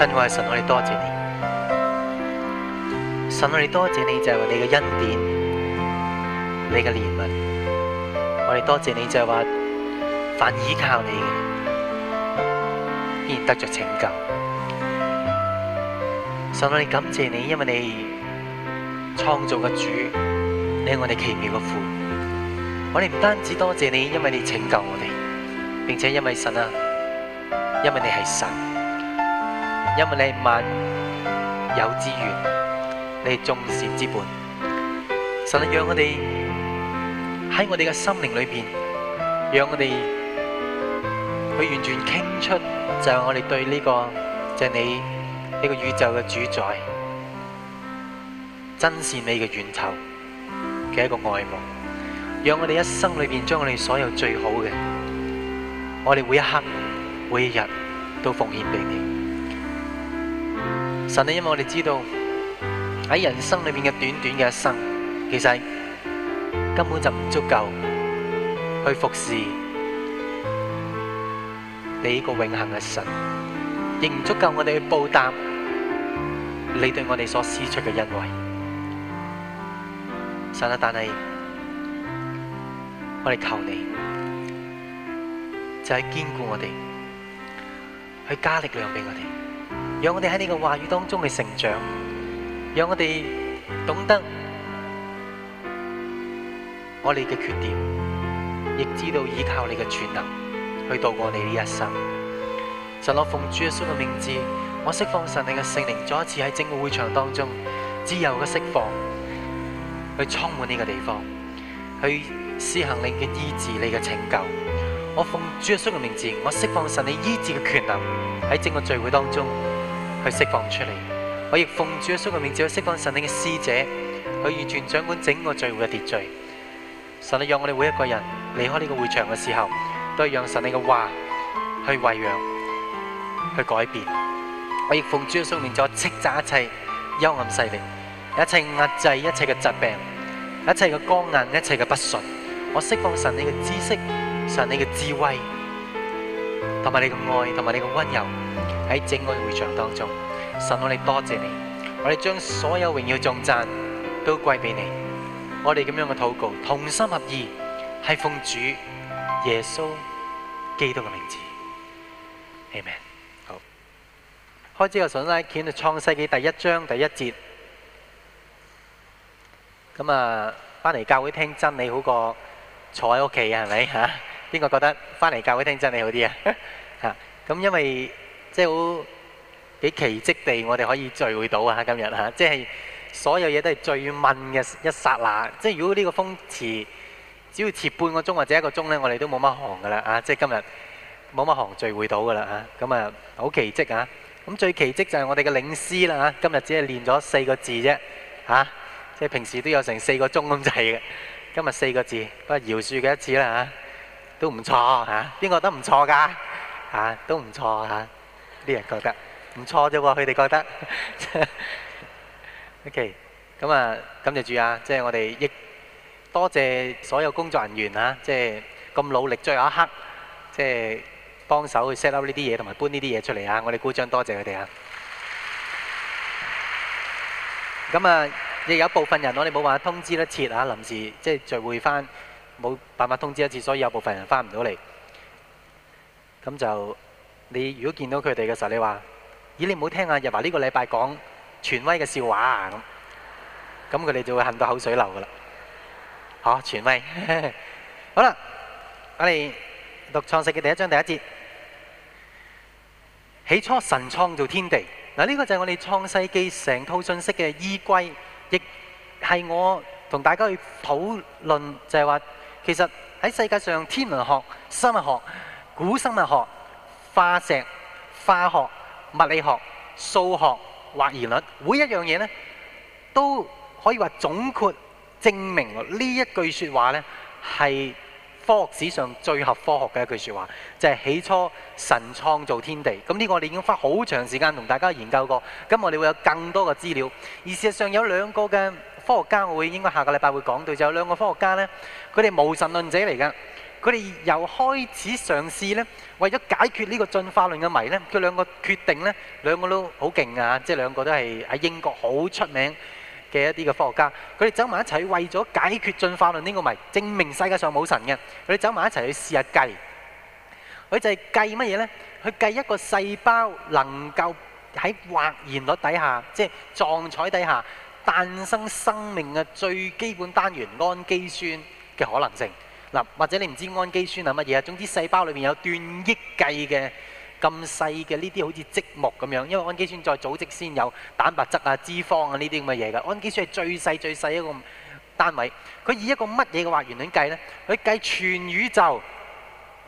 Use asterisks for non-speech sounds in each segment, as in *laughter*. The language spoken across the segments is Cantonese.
親愛神，我哋多謝你。神，我哋多謝你就係話你嘅恩典、你嘅憐憫。我哋多謝你就係話凡依靠你嘅，必然得着拯救。神，我哋感謝你，因為你創造嘅主，你係我哋奇妙嘅父。我哋唔單止多謝你，因為你拯救我哋，並且因為神啊，因為你係神。因為你萬有之源，你眾善之本，神啊，讓我哋喺我哋嘅心靈裏邊，讓我哋去完全傾出，就係我哋對呢個就係你呢個宇宙嘅主宰，真善美嘅源頭嘅一個愛慕。讓我哋一生裏邊，將我哋所有最好嘅，我哋每一刻、每一日都奉獻俾你。神啊，因為我哋知道喺人生裏面嘅短短嘅一生，其實根本就唔足夠去服侍你呢個永恆嘅神，亦唔足夠我哋去報答你對我哋所施出嘅恩惠。神啊，但係我哋求你就係堅固我哋，去加力量俾我哋。讓我哋喺呢個話語當中嘅成長，讓我哋懂得我哋嘅缺點，亦知道依靠你嘅全能去度過你呢一生。神，我奉主耶穌嘅名字，我釋放神你嘅聖靈再一次喺成個會、會場當中自由嘅釋放，去充滿呢個地方，去施行你嘅醫治、你嘅拯救。我奉主耶穌嘅名字，我釋放神你醫治嘅權能喺成個聚會當中去釋放出嚟，我亦奉主耶穌嘅名字去釋放神你嘅使者，去完全掌管整個聚會嘅秩序。神你讓我哋每一個人離開呢個會場嘅時候，都係讓神你嘅話去餵養、去改變。我亦奉主耶穌嘅名字去斥責一切幽暗勢力、一切壓制、一切嘅疾病、一切嘅剛硬、一切嘅不順。我釋放神你嘅知識、神你嘅智慧，同埋你嘅愛，同埋你嘅溫柔。喺整個會場當中，神，我哋多謝你，我哋將所有榮耀頌讚都歸俾你。我哋咁樣嘅禱告，同心合意，係奉主耶穌基督嘅名字。阿門。好，開始我上拉卷創世記第一章第一節。咁啊，翻嚟教會聽真理好過坐喺屋企啊，係咪吓？邊個覺得翻嚟教會聽真理好啲啊？吓咁，因為。即係好幾奇蹟地，我哋可以聚會到啊！今日嚇、啊，即係所有嘢都係最悶嘅一剎那。即係如果呢個風遲，只要遲半個鐘或者一個鐘呢，我哋都冇乜行噶啦啊！即係今日冇乜行聚會到噶啦嚇。咁啊，好、嗯、奇蹟啊！咁最奇蹟就係我哋嘅領師啦啊！今日只係練咗四個字啫嚇、啊，即係平時都有成四個鐘咁滯嘅。今日四個字，不過饒恕佢一次啦嚇，都唔錯嚇。邊個都唔錯㗎？啊，都唔錯嚇。啊啲人覺得唔錯啫喎，佢哋覺得。OK，咁啊，感謝主啊，即係我哋亦多謝所有工作人員啊，即係咁努力最後一刻，即係幫手去 set up 呢啲嘢同埋搬呢啲嘢出嚟啊！我哋鼓掌多謝佢哋啊！咁啊，亦有部分人我哋冇辦法通知得切啊，臨時即係聚會翻冇辦法通知一次，所以有部分人翻唔到嚟，咁就。你如果見到佢哋嘅時候，你話：咦，你唔好聽啊！日華呢個禮拜講傳威嘅笑話啊！咁，咁佢哋就會恨到口水流噶啦。嚇，傳威。 *laughs* 好啦，我哋讀創世嘅第一章第一節。起初神創造天地。嗱，呢個就係我哋創世記成套信息嘅依歸，亦係我同大家去討論，就係、是、話其實喺世界上天文學、生物學、古生物學。化石、化學、物理學、數學或然率，每一樣嘢呢都可以話總括證明呢一句說話呢，係科學史上最合科學嘅一句說話，就係起初神創造天地。咁呢個我哋已經花好長時間同大家研究過。咁我哋會有更多嘅資料。而事實上有兩個嘅科學家，我會應該下個禮拜會講到，就有兩個科學家呢，佢哋無神論者嚟㗎。佢哋由開始嘗試呢，為咗解決呢個進化論嘅謎呢，佢兩個決定呢，兩個都好勁啊！即係兩個都係喺英國好出名嘅一啲嘅科學家。佢哋走埋一齊去為咗解決進化論呢個謎，證明世界上冇神嘅。佢哋走埋一齊去試下計，佢就係計乜嘢呢？去計一個細胞能夠喺或然率底下，即係撞彩底下誕生生命嘅最基本單元氨基酸嘅可能性。或者你唔知氨基酸係乜嘢啊？總之細胞裏面有段億計嘅咁細嘅呢啲好似積木咁樣，因為氨基酸再組織先有蛋白質啊、脂肪啊呢啲咁嘅嘢嘅。氨基酸係最細最細一個單位，佢以一個乜嘢嘅或然率計呢？佢計全宇宙，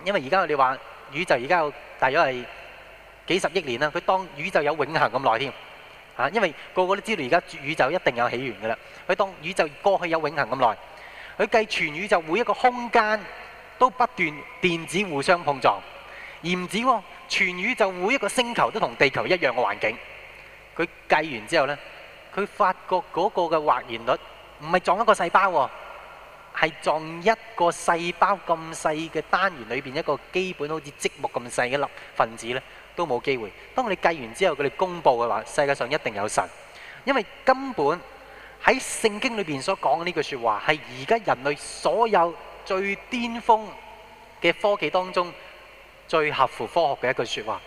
因為而家我哋話宇宙而家有大約係幾十億年啦。佢當宇宙有永恆咁耐添嚇，因為個個都知道而家宇宙一定有起源㗎啦。佢當宇宙過去有永恆咁耐。佢計全宇宙每一個空間都不斷電子互相碰撞，而唔止喎，全宇宙每一個星球都同地球一樣嘅環境。佢計完之後呢，佢發覺嗰個嘅或然率唔係撞一個細胞喎，係撞一個細胞咁細嘅單元裏邊一個基本好似積木咁細嘅粒分子呢，都冇機會。當你計完之後，佢哋公佈嘅話，世界上一定有神，因為根本。喺聖經裏邊所講嘅呢句説話，係而家人類所有最巔峯嘅科技當中，最合乎科學嘅一句説話。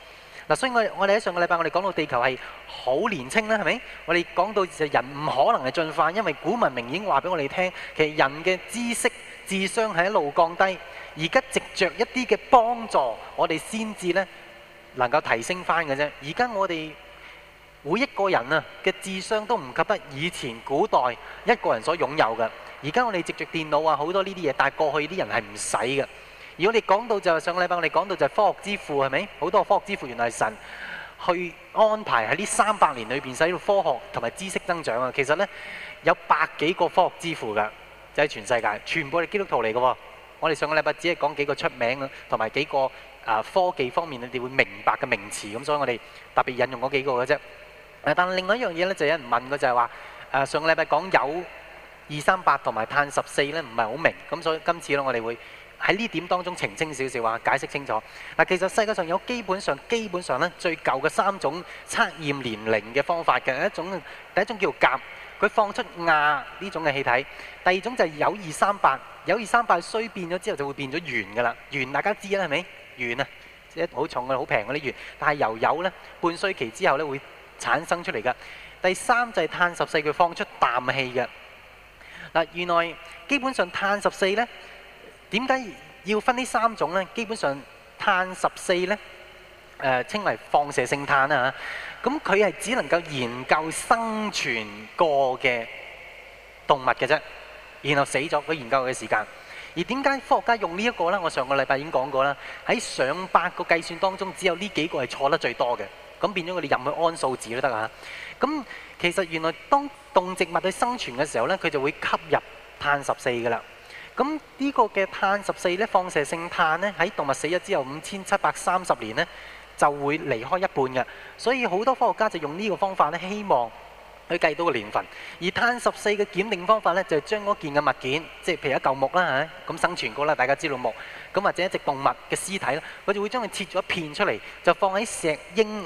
嗱，所以我我哋喺上個禮拜，我哋講到地球係好年青啦，係咪？我哋講到就人唔可能係進化，因為古文明已經話俾我哋聽，其實人嘅知識、智商係一路降低。而家藉著一啲嘅幫助，我哋先至咧能夠提升翻嘅啫。而家我哋。每一個人啊嘅智商都唔及得以前古代一個人所擁有嘅。而家我哋直接電腦啊，好多呢啲嘢，但係過去啲人係唔使嘅。如果你講到就係上個禮拜我哋講到就係科學之父係咪？好多科學之父原來係神去安排喺呢三百年裏邊使到科學同埋知識增長啊。其實呢，有百幾個科學之父㗎，就喺全世界全部係基督徒嚟㗎。我哋上個禮拜只係講幾個出名同埋幾個啊科技方面你哋會明白嘅名詞咁，所以我哋特別引用嗰幾個嘅啫。但另外一樣嘢咧，就有人問嘅就係話誒，上個禮拜講鈾二三八同埋碳十四咧，唔係好明咁，所以今次咯，我哋會喺呢點當中澄清少少啊，解釋清楚嗱、啊。其實世界上有基本上基本上咧最舊嘅三種測驗年齡嘅方法嘅一種，第一種叫做鉀，佢放出氬呢種嘅氣體；第二種就係鈾二三八，鈾二三八衰變咗之後就會變咗鉛噶啦，鉛大家知啦，係咪鉛啊？即係好重嘅，好平嗰啲鉛，但係由鈾咧半衰期之後咧會。產生出嚟嘅第三就係、是、碳十四，佢放出氮氣嘅嗱。原來基本上碳十四呢，點解要分呢三種呢？基本上碳十四呢，誒、呃、稱為放射性碳啊。咁佢係只能夠研究生存過嘅動物嘅啫，然後死咗佢研究嘅時間。而點解科學家用呢一個呢？我上個禮拜已經講過啦。喺上百個計算當中，只有呢幾個係錯得最多嘅。咁變咗佢哋入去安數字都得啊！咁其實原來當動植物去生存嘅時候呢，佢就會吸入碳十四㗎啦。咁呢個嘅碳十四咧，放射性碳呢，喺動物死咗之後五千七百三十年呢，就會離開一半嘅。所以好多科學家就用呢個方法咧，希望去計到個年份。而碳十四嘅檢定方法呢，就係將嗰件嘅物件，即係譬如一嚿木啦吓，咁生存過啦，大家知道木，咁或者一隻動物嘅屍體啦，佢就會將佢切咗一片出嚟，就放喺石英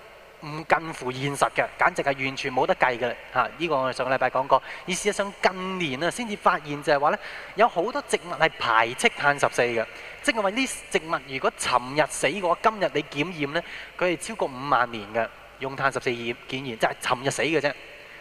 唔近乎現實嘅，簡直係完全冇得計嘅啦！吓，呢個我上個禮拜講過。而事實上，近年啊，先至發現就係話呢，有好多植物係排斥碳十四嘅，即係話呢植物如果尋日死嘅話，今日你檢驗呢，佢係超過五萬年嘅，用碳十四檢檢驗即係尋日死嘅啫。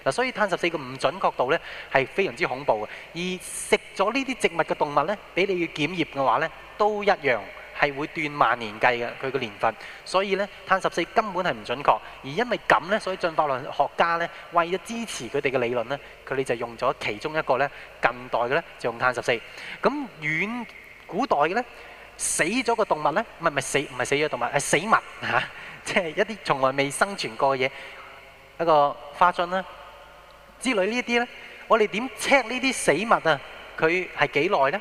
嗱，所以碳十四個唔準確度呢係非常之恐怖嘅。而食咗呢啲植物嘅動物呢，俾你要檢驗嘅話呢，都一樣。係會斷萬年計嘅佢個年份，所以咧碳十四根本係唔準確，而因為咁咧，所以進化論學家咧為咗支持佢哋嘅理論咧，佢哋就用咗其中一個咧，近代嘅咧就用碳十四，咁遠古代嘅咧，死咗個動物咧，唔係，唔係死，唔係死咗動物，係死物嚇，即係一啲從來未生存過嘅嘢，一個花樽啦之類呢一啲咧，我哋點 check 呢啲死物啊？佢係幾耐咧？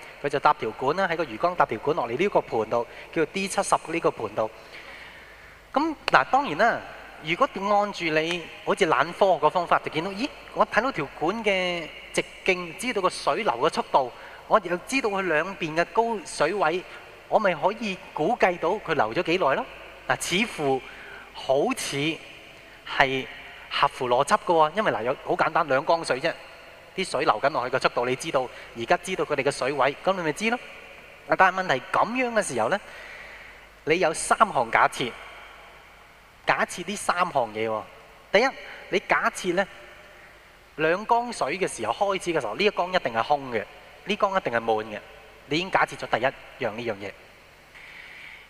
佢就搭條管啦，喺個魚缸搭條管落嚟呢個盤度，叫做 D 七十呢個盤度。咁嗱，當然啦，如果按住你好似冷科學個方法，就見到，咦，我睇到條管嘅直徑，知道個水流嘅速度，我又知道佢兩邊嘅高水位，我咪可以估計到佢流咗幾耐咯。嗱，似乎好似係合乎邏輯嘅喎，因為嗱，有好簡單兩缸水啫。啲水流緊落去嘅速度，你知道而家知道佢哋嘅水位，咁你咪知咯。但係問題咁樣嘅時候呢，你有三項假設，假設呢三項嘢。第一，你假設呢兩缸水嘅時候開始嘅時候，呢一缸一定係空嘅，呢缸一定係滿嘅，你已經假設咗第一樣呢樣嘢。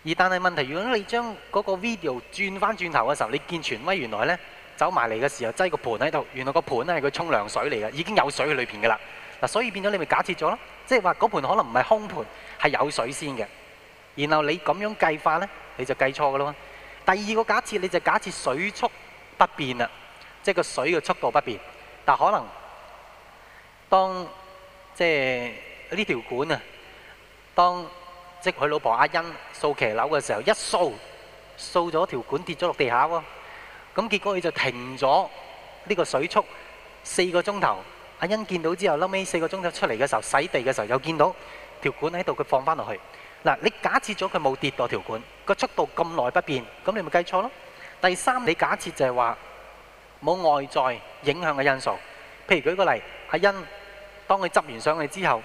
而但係問題，如果你將嗰個 video 轉返轉頭嘅時候，你見全威原來呢。走埋嚟嘅時候，擠個盤喺度，原來個盤咧係佢沖涼水嚟嘅，已經有水喺裏邊噶啦。嗱，所以變咗你咪假設咗咯，即係話嗰盤可能唔係空盤，係有水先嘅。然後你咁樣計法咧，你就計錯噶咯。第二個假設，你就假設水速不變啦，即係個水嘅速度不變。但可能當即係呢條管啊，當即佢老婆阿欣掃騎樓嘅時候，一掃掃咗條管跌咗落地下喎。咁結果佢就停咗呢個水速四個鐘頭。阿欣見到之後，撈尾四個鐘頭出嚟嘅時候，洗地嘅時候又見到條管喺度，佢放翻落去。嗱，你假設咗佢冇跌過條管，個速度咁耐不變，咁你咪計錯咯。第三，你假設就係話冇外在影響嘅因素，譬如舉個例，阿欣當佢執完上去之後，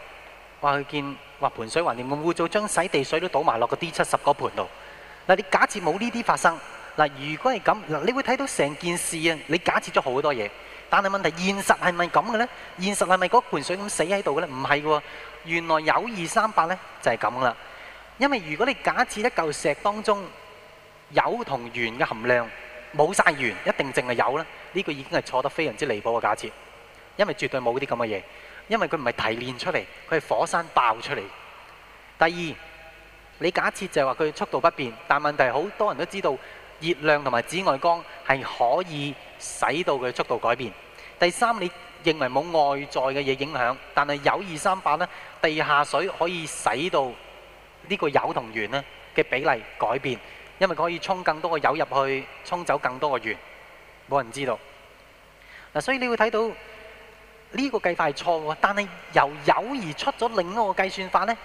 話佢見話盆水橫掂咁污糟，將洗地水都倒埋落個 D 七十個盤度。嗱，你假設冇呢啲發生。嗱，如果係咁，嗱，你會睇到成件事啊！你假設咗好多嘢，但係問題現實係咪咁嘅呢？現實係咪嗰盤水咁死喺度嘅咧？唔係喎，原來有二三八呢，就係咁啦。因為如果你假設一嚿石當中鈾同鉛嘅含量冇晒鉛，一定淨係鈾啦。呢個已經係錯得非常之離譜嘅假設，因為絕對冇啲咁嘅嘢，因為佢唔係提煉出嚟，佢係火山爆出嚟。第二，你假設就係話佢速度不變，但係問題好多人都知道。熱量同埋紫外光係可以使到佢速度改變。第三，你認為冇外在嘅嘢影響，但係鈾二三八呢，地下水可以使到呢個鈾同鉛咧嘅比例改變，因為佢可以沖更多嘅鈾入去，沖走更多嘅鉛。冇人知道嗱，所以你會睇到呢個計法係錯嘅，但係由鈾而出咗另一個計算法呢，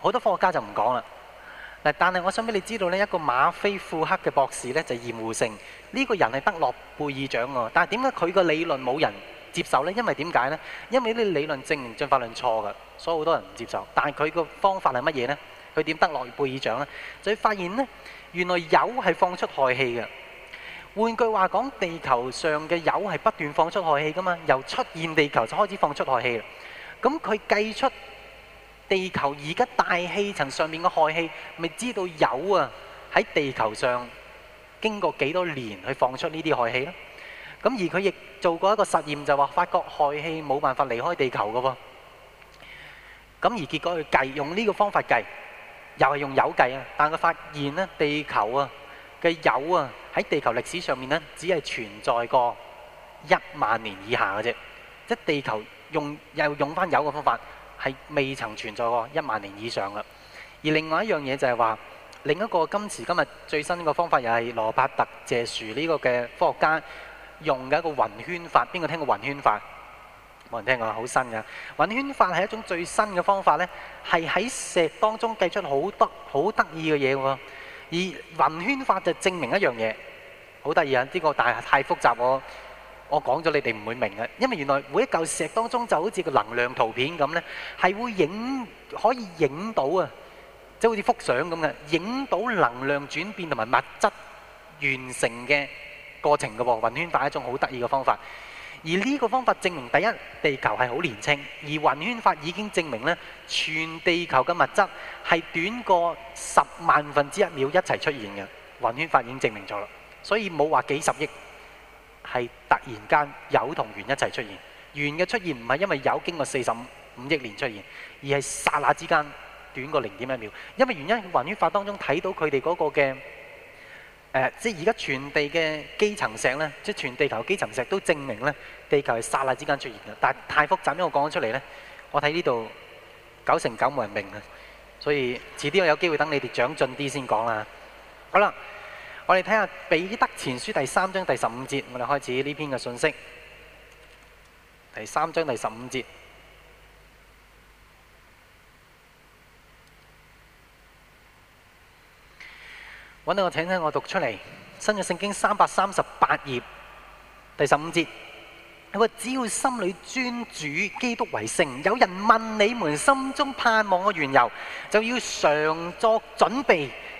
好多科學家就唔講啦。嗱，但係我想俾你知道咧，一個馬菲庫克嘅博士咧就嫌惡性呢個人係得諾貝爾獎喎，但係點解佢個理論冇人接受咧？因為點解咧？因為呢理論證明進化論錯嘅，所以好多人唔接受。但係佢個方法係乜嘢咧？佢點得諾貝爾獎咧？就會發現咧，原來油係放出氦氣嘅。換句話講，地球上嘅油係不斷放出氦氣嘅嘛，由出現地球就開始放出氦氣啦。咁佢計出。地球而家大氣層上面嘅氦氣，咪知道有啊？喺地球上經過幾多年去放出呢啲氦氣咧？咁而佢亦做過一個實驗，就話發覺氦氣冇辦法離開地球嘅喎。咁而結果佢計用呢個方法計，又係用有計啊。但係佢發現呢，地球啊嘅有啊喺地球歷史上面呢，只係存在過一萬年以下嘅啫。即係地球用又用翻有嘅方法。係未曾存在過一萬年以上啦。而另外一樣嘢就係話，另一個今時今日最新嘅方法又係羅伯特謝殊呢個嘅科學家用嘅一個雲圈法。邊個聽過雲圈法？冇人聽過，好新㗎。雲圈法係一種最新嘅方法呢，係喺石當中計出好多好得意嘅嘢喎。而雲圈法就證明一樣嘢，好得意啊！呢個大太複雜喎。我講咗你哋唔會明嘅，因為原來每一嚿石當中就好似個能量圖片咁咧，係會影可以影到啊，即係好似幅相咁嘅，影到能量轉變同埋物質完成嘅過程㗎喎。雲圈法係一種好得意嘅方法，而呢個方法證明第一，地球係好年青，而雲圈法已經證明咧，全地球嘅物質係短過十萬分之一秒一齊出現嘅。雲圈法已經證明咗啦，所以冇話幾十億。係突然間有同原一齊出現，原嘅出現唔係因為有經過四十五億年出現，而係剎那之間短過零點一秒。因為原因，宏遠法當中睇到佢哋嗰個嘅誒，即係而家全地嘅基層石咧，即係全地球基層石都證明咧，地球係剎那之間出現嘅。但係太複雜，因為我講咗出嚟咧，我睇呢度九成九冇人明啊，所以遲啲我有機會等你哋長進啲先講啦。好啦。我哋睇下《彼得前書》第三章第十五節，我哋開始呢篇嘅信息。第三章第十五節，揾到我，請聽我讀出嚟。新嘅聖經三百三十八頁，第十五節。我只要心裏尊主基督為聖，有人問你們心中盼望嘅緣由，就要常作準備。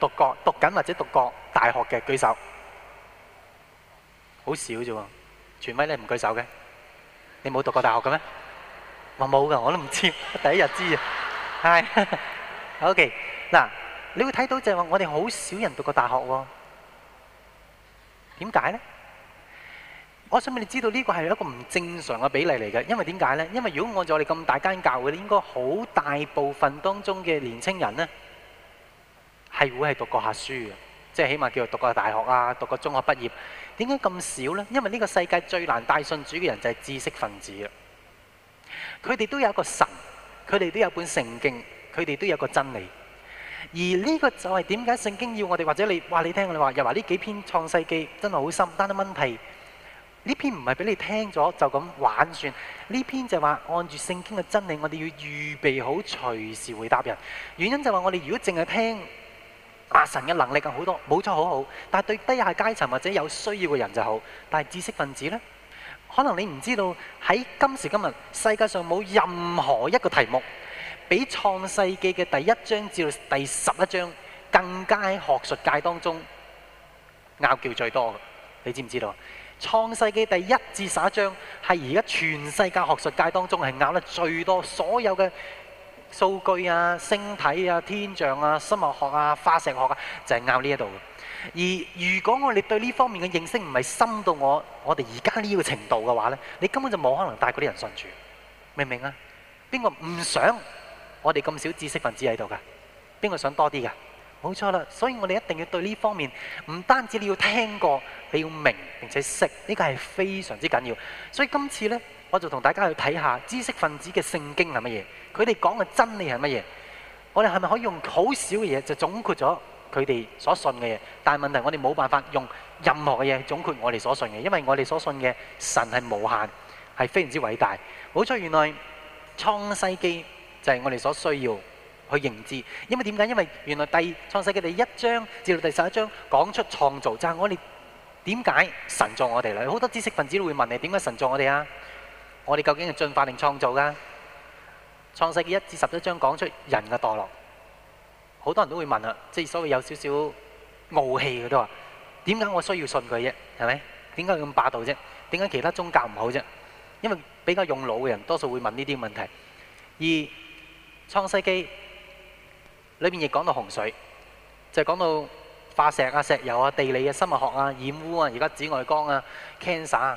讀過讀緊或者讀過大學嘅舉手，好少啫，全威你唔舉手嘅，你冇讀過大學嘅咩？話冇噶，我都唔知，第一日知啊。係，OK，嗱，你會睇到就係話，我哋好少人讀過大學喎。點解呢？我想俾你知道呢個係一個唔正常嘅比例嚟嘅，因為點解呢？因為如果按照我哋咁大間教嘅，你應該好大部分當中嘅年青人呢。係會係讀過下書嘅，即係起碼叫做讀過大學啊，讀過中學畢業。點解咁少呢？因為呢個世界最難帶信主嘅人就係知識分子啦。佢哋都有個神，佢哋都有本聖經，佢哋都有個真理。而呢個就係點解聖經要我哋或者你話你聽，你話又話呢幾篇創世記真係好深，但係問題呢篇唔係俾你聽咗就咁玩算，呢篇就話按住聖經嘅真理，我哋要預備好隨時回答人。原因就係話我哋如果淨係聽。阿神嘅能力更好多，冇錯好好，但係對低下階層或者有需要嘅人就好。但係知識分子呢，可能你唔知道喺今時今日世界上冇任何一個題目，比《創世記》嘅第一章至到第十一章更加喺學術界當中拗撬最多嘅。你知唔知道？《創世記》第一至十一章係而家全世界學術界當中係拗得最多所有嘅。數據啊、星體啊、天象啊、生物學啊、化石學啊，就係啱呢一度。而如果我哋對呢方面嘅認識唔係深到我，我哋而家呢個程度嘅話咧，你根本就冇可能帶嗰啲人順住，明唔明啊？邊個唔想我哋咁少知識分子喺度㗎？邊個想多啲㗎？冇錯啦，所以我哋一定要對呢方面，唔單止你要聽過，你要明並且識，呢個係非常之緊要。所以今次咧。我就同大家去睇下知識分子嘅聖經係乜嘢，佢哋講嘅真理係乜嘢。我哋係咪可以用好少嘅嘢就總括咗佢哋所信嘅嘢？但係問題，我哋冇辦法用任何嘅嘢總括我哋所信嘅，因為我哋所信嘅神係無限，係非常之偉大。好彩原來創世記就係我哋所需要去認知，因為點解？因為原來第創世記第一章至到第十一章講出創造，就係我哋點解神造我哋啦。好多知識分子都會問你：點解神造我哋啊？我哋究竟係進化定創造㗎？創世記一至十一章講出人嘅墮落，好多人都會問啊，即係所謂有少少傲氣嘅都話：點解我需要信佢啫？係咪？點解佢咁霸道啫？點解其他宗教唔好啫？因為比較用腦嘅人多數會問呢啲問題。而創世記裏面亦講到洪水，就講到化石啊、石油啊、地理啊、生物學啊、染污啊、而家紫外光啊、cancer 啊。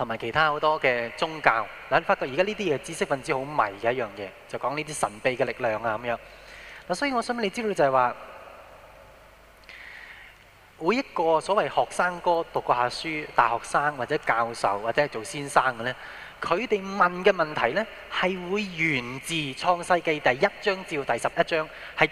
同埋其他好多嘅宗教，嗱，發覺而家呢啲嘢知識分子好迷嘅一樣嘢，就講呢啲神秘嘅力量啊咁樣。嗱，所以我想你知道就係話，每一個所謂學生哥讀過下書，大學生或者教授或者做先生嘅咧，佢哋問嘅問題咧，係會源自《創世記》第一章至第十一章，係。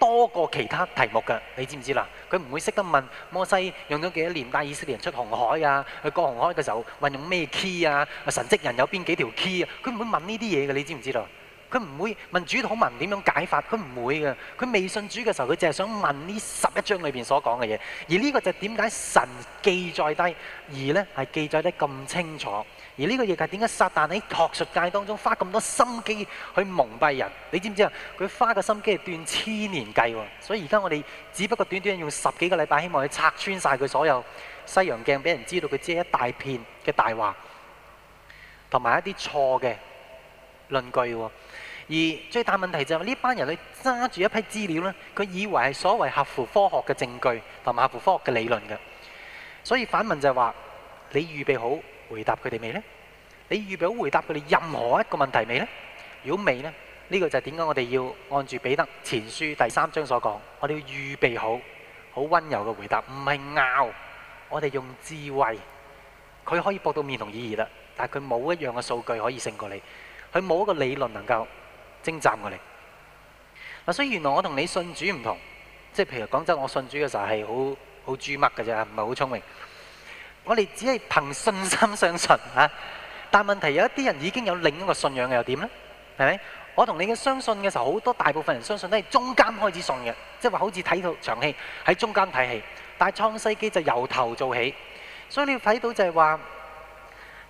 多過其他題目嘅，你知唔知啦？佢唔會識得問摩西用咗幾多年帶以色列人出紅海啊？去過紅海嘅時候運用咩 key 啊？神蹟人有邊幾條 key 啊？佢唔會問呢啲嘢嘅，你知唔知道？佢唔會問主禱文點樣解法，佢唔會嘅。佢未信主嘅時候，佢淨係想問呢十一章裏邊所講嘅嘢。而呢個就係點解神記載低而呢係記載得咁清楚？而呢個嘢係點解撒旦喺學術界當中花咁多心機去蒙蔽人？你知唔知啊？佢花個心機係斷千年計喎。所以而家我哋只不過短短用十幾個禮拜，希望去拆穿晒佢所有西洋鏡，俾人知道佢只係一大片嘅大話，同埋一啲錯嘅論據喎。而最大問題就係呢班人佢揸住一批資料呢，佢以為係所謂合乎科學嘅證據同埋合乎科學嘅理論嘅。所以反問就係話：你預備好回答佢哋未咧？你預備好回答佢哋任何一個問題未呢？如果未呢，呢個就係點解我哋要按住彼得前書第三章所講，我哋要預備好，好溫柔嘅回答，唔係拗。我哋用智慧，佢可以駁到面同耳耳啦，但係佢冇一樣嘅數據可以勝過你，佢冇一個理論能夠精湛過你。嗱，所以原來我同你信主唔同，即係譬如講真，我信主嘅時候係好好豬嘜嘅啫，唔係好聰明。我哋只係憑信心相信，但問題有一啲人已經有另一個信仰嘅又點呢？係咪？我同你嘅相信嘅時候，好多大部分人相信都係中間開始信嘅，即係話好似睇到場戲喺中間睇戲，但係創世記就由頭做起，所以你要睇到就係話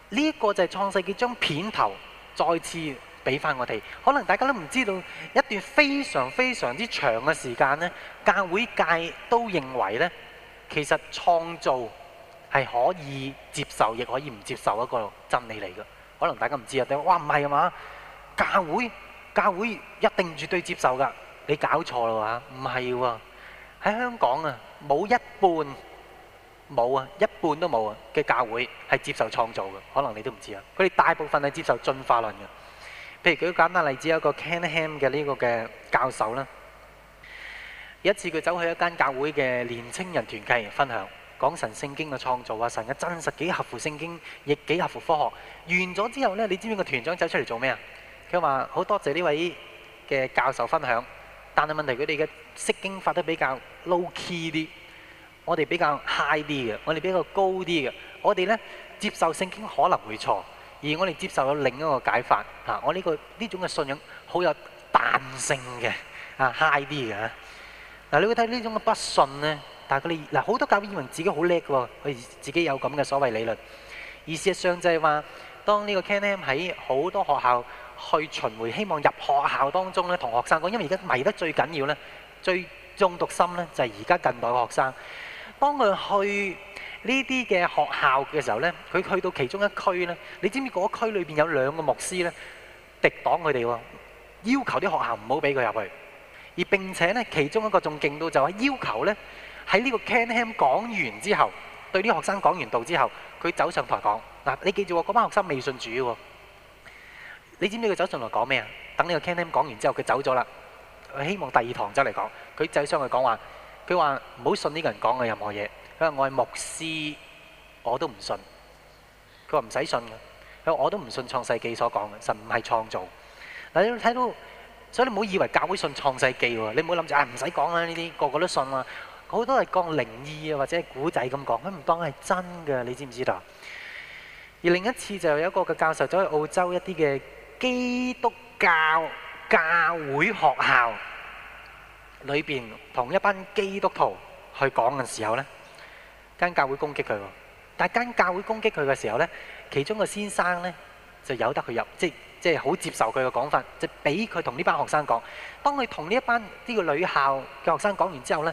呢個就係創世記將片頭再次俾翻我哋。可能大家都唔知道，一段非常非常之長嘅時間，呢教會界都認為呢其實創造，係可以接受，亦可以唔接受一個真理嚟嘅。可能大家唔知啊，都話：哇，唔係啊嘛！教會教會一定絕對接受㗎。你搞錯啦話，唔係喎。喺香港啊，冇一半冇啊，一半都冇啊嘅教會係接受創造嘅，可能你都唔知啊。佢哋大部分係接受進化論嘅。譬如舉個簡單例子，有一個 Canham 嘅呢個嘅教授啦。有一次佢走去一間教會嘅年青人團契分享。講神聖經嘅創造啊，神嘅真實幾合乎聖經，亦幾合乎科學。完咗之後咧，你知唔知個團長走出嚟做咩啊？佢話好多謝呢位嘅教授分享，但係問題佢哋嘅釋經法得比較 low key 啲，我哋比較 high 啲嘅，我哋比較高啲嘅。我哋咧接受聖經可能會錯，而我哋接受咗另一個解法。嚇，我呢個呢種嘅信仰好有彈性嘅，嚇 high 啲嘅。嗱，你會睇呢種嘅不信咧。但係佢哋嗱，好多教員以為自己好叻㗎喎，佢自己有咁嘅所謂理論。意思一上就係話，當呢個 canam 喺好多學校去巡迴，希望入學校當中咧，同學生講。因為而家迷得最緊要咧，最中毒心咧，就係而家近代嘅學生。當佢去呢啲嘅學校嘅時候咧，佢去到其中一區咧，你知唔知嗰一區裏邊有兩個牧師咧，敵擋佢哋喎，要求啲學校唔好俾佢入去，而並且咧，其中一個仲勁到就係要求咧。喺呢個 canhem 講完之後，對啲學生講完道之後，佢走上台講嗱。你記住喎，嗰班學生未信主喎。你知唔知佢走上台講咩啊？等呢個 canhem 講完之後，佢走咗啦。佢希望第二堂走嚟講。佢走上去講話，佢話唔好信呢個人講嘅任何嘢。佢話我係牧師，我都唔信。佢話唔使信嘅。佢話我都唔信創世記所講嘅神唔係創造嗱。你睇到，所以你唔好以為教會信創世記喎。你唔好諗住啊，唔使講啦，呢啲個個都信啦。好多係講靈異啊，或者係古仔咁講，佢唔當係真嘅。你知唔知道？而另一次就有一個嘅教授走去澳洲一啲嘅基督教教會學校裏邊，同一班基督徒去講嘅時候咧，間教會攻擊佢。但係間教會攻擊佢嘅時候咧，其中個先生咧就由得佢入，即即係好接受佢嘅講法，就俾佢同呢班學生講。當佢同呢一班呢個女校嘅學生講完之後咧。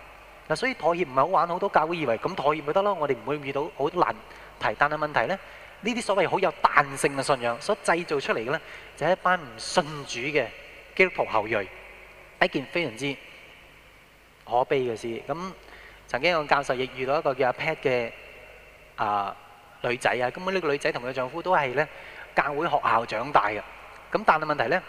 嗱，所以妥協唔係好玩，好多教會以為咁妥協咪得咯，我哋唔會遇到好難題。但係問題咧，呢啲所謂好有彈性嘅信仰，所製造出嚟嘅咧，就係一班唔信主嘅基督徒後裔，係一件非常之可悲嘅事。咁曾經有教授亦遇到一個叫阿 Pat 嘅啊女仔啊，咁啊呢個女仔同佢丈夫都係咧教會學校長大嘅，咁但係問題咧。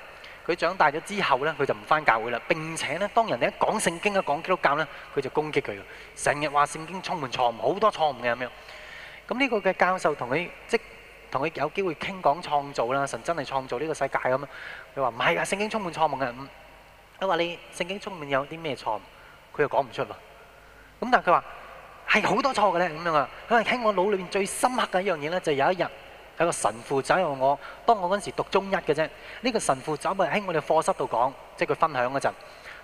佢長大咗之後咧，佢就唔翻教會啦。並且咧，當人哋一講聖經啊，講基督教咧，佢就攻擊佢，成日話聖經充滿錯誤，好多錯誤嘅咁樣。咁呢個嘅教授同佢即係同佢有機會傾講創造啦，神真係創造呢個世界咁啊。佢話唔係啊，聖經充滿錯誤嘅咁。佢話你聖經充滿有啲咩錯誤？佢又講唔出喎。咁但係佢話係好多錯嘅咧咁樣啊。佢話喺我腦裏面最深刻嘅一樣嘢咧，就有一日。有個神父找我，當我嗰時讀中一嘅啫。呢、這個神父就喺我哋課室度講，即係佢分享嗰陣，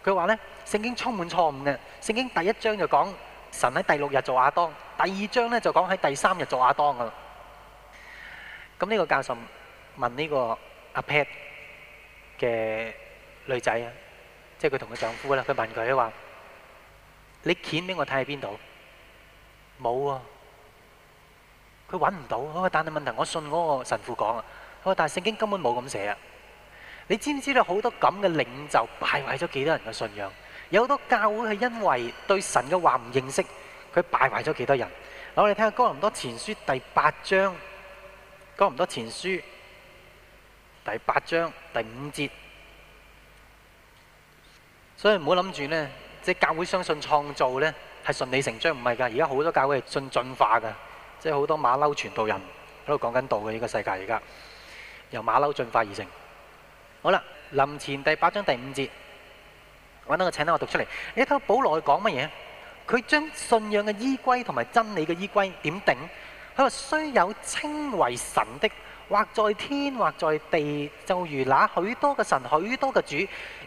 佢話咧聖經充滿錯誤嘅。聖經第一章就講神喺第六日做亞當，第二章咧就講喺第三日做亞當噶啦。咁呢個教授問呢個阿 Pat 嘅女仔、就是、啊，即係佢同佢丈夫啦，佢問佢話：你劍俾我睇喺邊度？冇啊！佢揾唔到，我話，但係問題，我信嗰個神父講啊，我話，但係聖經根本冇咁寫啊！你知唔知道好多咁嘅領袖敗壞咗幾多人嘅信仰？有好多教會係因為對神嘅話唔認識，佢敗壞咗幾多人？我哋聽下《哥林多前書》第八章，《哥林多前書》第八章第五節。所以唔好諗住呢，即係教會相信創造呢係順理成章，唔係㗎。而家好多教會係信進化㗎。即係好多馬騮傳道人喺度講緊道嘅，呢個世界而家由馬騮進化而成。好啦，林前第八章第五節，揾到個請啦，我讀出嚟。你睇下保羅講乜嘢？佢將信仰嘅依歸同埋真理嘅依歸點定？佢話雖有稱為神的，或在天，或在地，就如那許多嘅神，許多嘅主。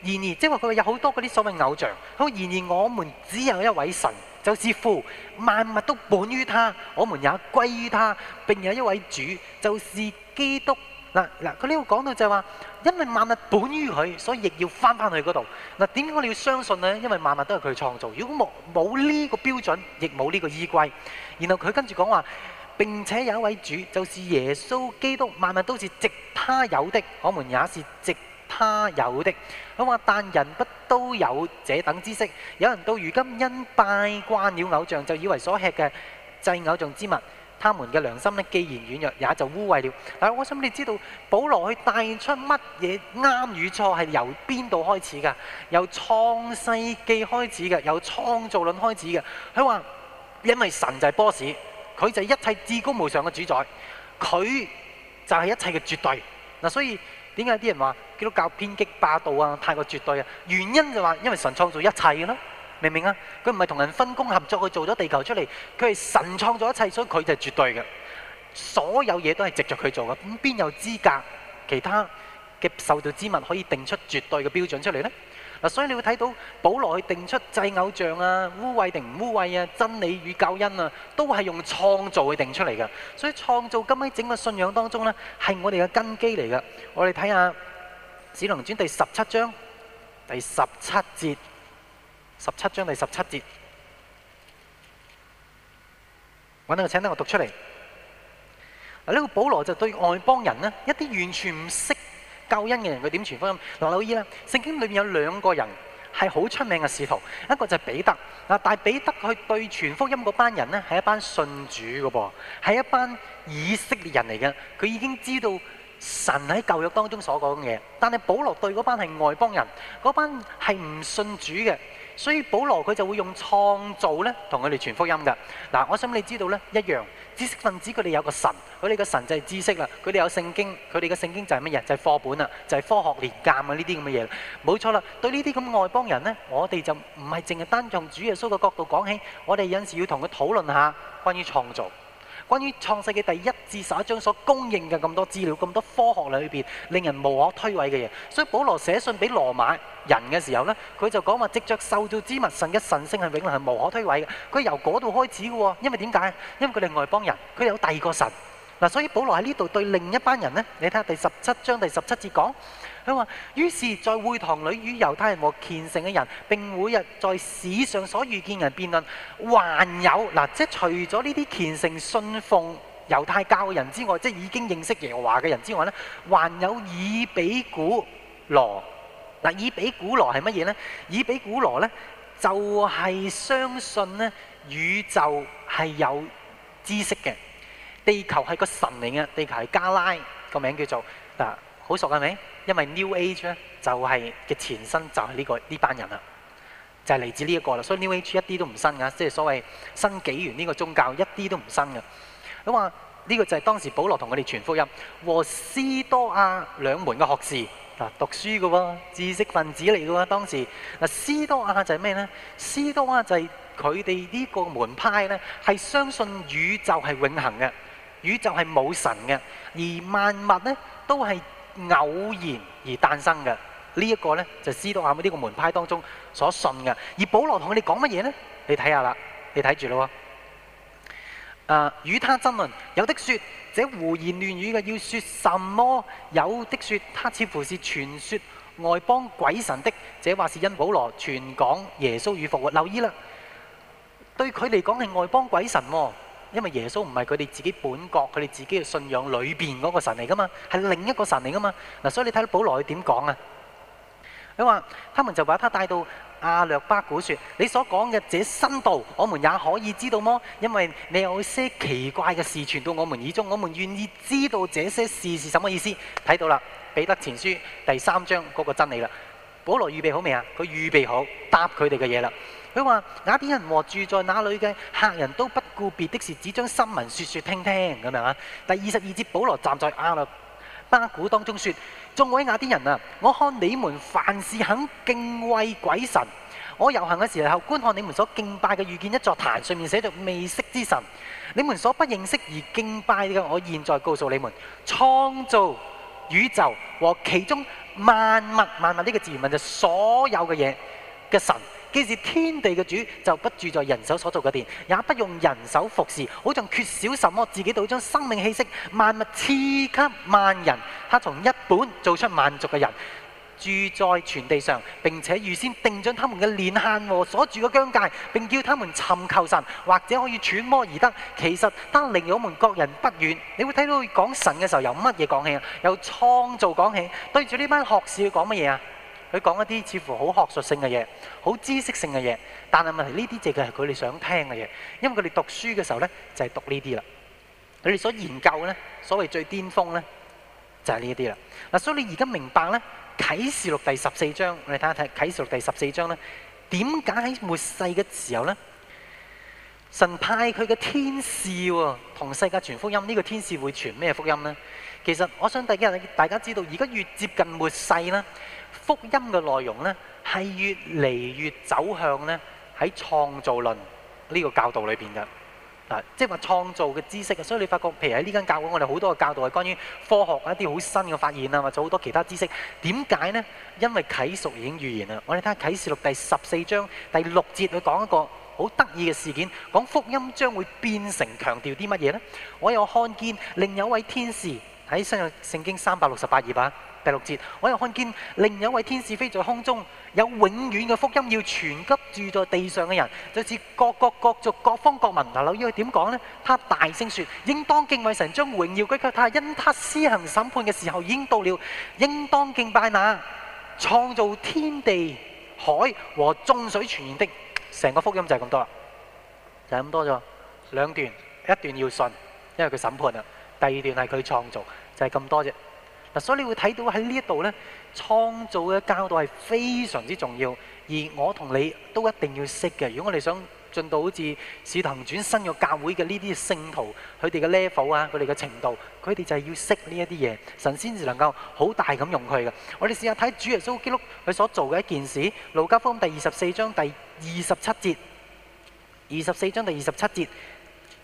然而，即係話佢話有好多嗰啲所謂偶像。好，然而我們只有一位神。就是父，萬物都本於他，我們也歸於他。並有一位主，就是基督。嗱，嗱，佢呢度講到就係話，因為萬物本於佢，所以亦要翻翻去嗰度。嗱，點解我哋要相信呢？因為萬物都係佢創造。如果冇冇呢個標準，亦冇呢個依歸。然後佢跟住講話，並且有一位主，就是耶穌基督。萬物都是藉他有的，我們也是藉。他有的，佢話：但人不都有這等知識？有人到如今因拜慣了偶像，就以為所吃嘅祭偶像之物。他們嘅良心呢，既然軟弱，也就污穢了。但我想你知道保羅去帶出乜嘢啱與錯，係由邊度開始㗎？由創世記開始嘅，由創造論開始嘅。佢話：因為神就係 boss，佢就係一切至高無上嘅主宰，佢就係一切嘅絕對。嗱，所以。點解啲人話叫做較偏激霸道啊？太過絕對啊？原因就話因為神創造一切嘅啦，明唔明啊？佢唔係同人分工合作去做咗地球出嚟，佢係神創造一切，所以佢就係絕對嘅，所有嘢都係藉着佢做嘅，咁邊有資格其他嘅受造之物可以定出絕對嘅標準出嚟呢？嗱，所以你會睇到保羅去定出製偶像啊、污衊定唔污衊啊、真理與教恩啊，都係用創造去定出嚟嘅。所以創造今喺整個信仰當中咧，係我哋嘅根基嚟嘅。我哋睇下《使徒行傳》第十七章第十七節，十七章第十七節，搵到個請得我讀出嚟。嗱，呢個保羅就對外邦人咧，一啲完全唔識救恩嘅人佢點傳福音？嗱，留意啦，聖經裏面有兩個人係好出名嘅使徒，一個就係彼得。嗱，但係彼得佢對傳福音嗰班人咧，係一班信主嘅噃，係一班以色列人嚟嘅。佢已經知道神喺舊約當中所講嘅嘢，但係保羅對嗰班係外邦人，嗰班係唔信主嘅。所以保羅佢就會用創造呢同佢哋傳福音㗎、啊。我想你知道呢一樣，知識分子佢哋有個神，佢哋個神就係知識啦。佢哋有聖經，佢哋嘅聖經就係乜嘢？就係、是、課本啦，就係、是、科學連鑑年鑑嘅呢啲咁嘅嘢。冇錯啦，對呢啲咁外邦人呢，我哋就唔係淨係單從主耶穌嘅角度講起，我哋有陣時要同佢討論下關於創造。關於創世記第一至十一章所供應嘅咁多資料，咁多科學裏邊令人無可推諉嘅嘢，所以保羅寫信俾羅馬人嘅時候呢，佢就講話藉着受造之物，神嘅神性係永恆係無可推諉嘅。佢由嗰度開始嘅喎，因為點解？因為佢哋外邦人，佢有第二個神。嗱，所以保羅喺呢度對另一班人呢，你睇下第十七章第十七節講。佢話：於是，在會堂裏與猶太人和虔誠嘅人並每日在史上所遇見人辯論。還有嗱，即除咗呢啲虔誠信奉猶太教嘅人之外，即係已經認識耶和華嘅人之外咧，還有以比古羅嗱，以比古羅係乜嘢呢？以比古羅呢，就係相信呢宇宙係有知識嘅，地球係個神嚟啊，地球係加拉個名叫做嗱。好熟係咪？因為 New Age 咧就係嘅前身就係呢個呢班人啦，就係嚟自呢一個啦。所以 New Age 一啲都唔新噶，即係所謂新紀元呢個宗教一啲都唔新噶。咁啊，呢個就係當時保羅同佢哋傳福音和斯多亞兩門嘅學士啊，讀書嘅喎，知識分子嚟嘅喎。當時嗱斯多亞就係咩咧？斯多亞就係佢哋呢個門派咧，係相信宇宙係永恆嘅，宇宙係冇神嘅，而萬物咧都係。偶然而誕生嘅呢一個呢，就斯多亞呢個門派當中所信嘅。而保羅同佢哋講乜嘢呢？你睇下啦，你睇住啦。與、呃、他爭論，有的說這胡言亂語嘅，要說什麼？有的說他似乎是傳說外邦鬼神的，這話是因保羅傳講耶穌與復活。留意啦，對佢嚟講係外邦鬼神麼、哦？因為耶穌唔係佢哋自己本國，佢哋自己嘅信仰裏面嗰個神嚟噶嘛，係另一個神嚟噶嘛。嗱，所以你睇到保羅佢點講啊？佢話：他們就把他帶到亞略巴古，説：你所講嘅這新道，我們也可以知道麼？因為你有些奇怪嘅事傳到我們耳中，我們願意知道這些事是什麼意思。睇到啦，《彼得前書》第三章嗰，那個真理啦。保羅預備好未啊？佢預備好答佢哋嘅嘢啦。佢話雅典人和住在哪裏嘅客人都不顧別的事，只將新聞說說聽聽咁樣啊。第二十二節，保羅站在亞略巴古當中說：眾位雅典人啊，我看你們凡事肯敬畏鬼神。我遊行嘅時候，觀看你們所敬拜嘅，遇見一座壇，上面寫著未識之神。你們所不認識而敬拜嘅，我現在告訴你們：創造宇宙和其中萬物萬物呢個字文就所有嘅嘢嘅神。既是天地嘅主，就不住在人手所做嘅殿，也不用人手服侍，好像缺少什麼。自己都將生命氣息萬物賜給萬人。他從一本做出萬族嘅人，住在全地上，並且預先定準他們嘅年限和所住嘅疆界，並叫他們尋求神，或者可以揣摩而得。其實，當令我們各人不遠，你會睇到佢講神嘅時候有什麼，由乜嘢講起啊？由創造講起。對住呢班學士要，要講乜嘢啊？佢講一啲似乎好學術性嘅嘢，好知識性嘅嘢，但係問題呢啲淨係佢哋想聽嘅嘢，因為佢哋讀書嘅時候呢，就係、是、讀呢啲啦。佢哋所研究呢，所謂最巔峰呢，就係呢啲啦。嗱、啊，所以你而家明白呢，《啟示錄》第十四章，你睇下睇《啟示錄》第十四章呢，點解喺末世嘅時候呢，神派佢嘅天使同世界傳福音？呢、這個天使會傳咩福音呢？其實我想第幾日大家知道，而家越接近末世呢。福音嘅內容呢，係越嚟越走向呢喺創造論呢個教導裏邊嘅，即係話創造嘅知識。所以你發覺，譬如喺呢間教會，我哋好多嘅教導係關於科學一啲好新嘅發現啊，或者好多其他知識。點解呢？因為啟熟已經預言啊！我哋睇下《啟示錄》第十四章第六節，佢講一個好得意嘅事件，講福音將會變成強調啲乜嘢呢？我又看見另有位天使喺新約聖經三百六十八頁啊！第六節，我又看見另一位天使飛在空中，有永遠嘅福音要傳給住在地上嘅人，就似各國各族各方各民。嗱，留意佢點講呢？他大聲説：應當敬畏神，將榮耀歸給他。因他施行審判嘅時候已經到了，應當敬拜那創造天地海和眾水泉源的。成個福音就係咁多啦，就係咁多咗。兩段，一段要信，因為佢審判啦；第二段係佢創造，就係咁多啫。嗱，所以你會睇到喺呢一度咧，創造嘅教導係非常之重要，而我同你都一定要識嘅。如果我哋想進到好似使徒行傳新約教會嘅呢啲聖徒，佢哋嘅 level 啊，佢哋嘅程度，佢哋就係要識呢一啲嘢，神先至能夠好大咁用佢嘅。我哋試下睇主耶穌基督佢所做嘅一件事，《路加福音》第二十四章第二十七節，二十四章第二十七節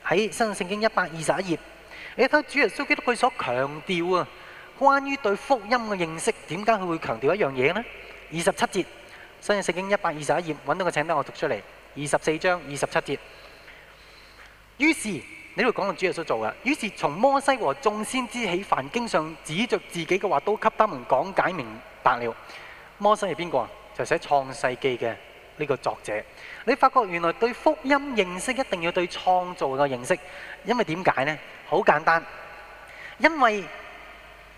喺新聖經一百二十一頁，你睇主耶穌基督佢所強調啊！關於對福音嘅認識，點解佢會強調一樣嘢呢？二十七節，新約聖經一百二十一頁，揾到個請單，我讀出嚟。二十四章二十七節。於是你會講到主耶穌所做嘅，於是從摩西和眾先知起，凡經上指着自己嘅話都給他們講解明白了。摩西係邊個啊？就寫、是、創世記嘅呢個作者。你發覺原來對福音認識一定要對創造嘅認識，因為點解呢？好簡單，因為。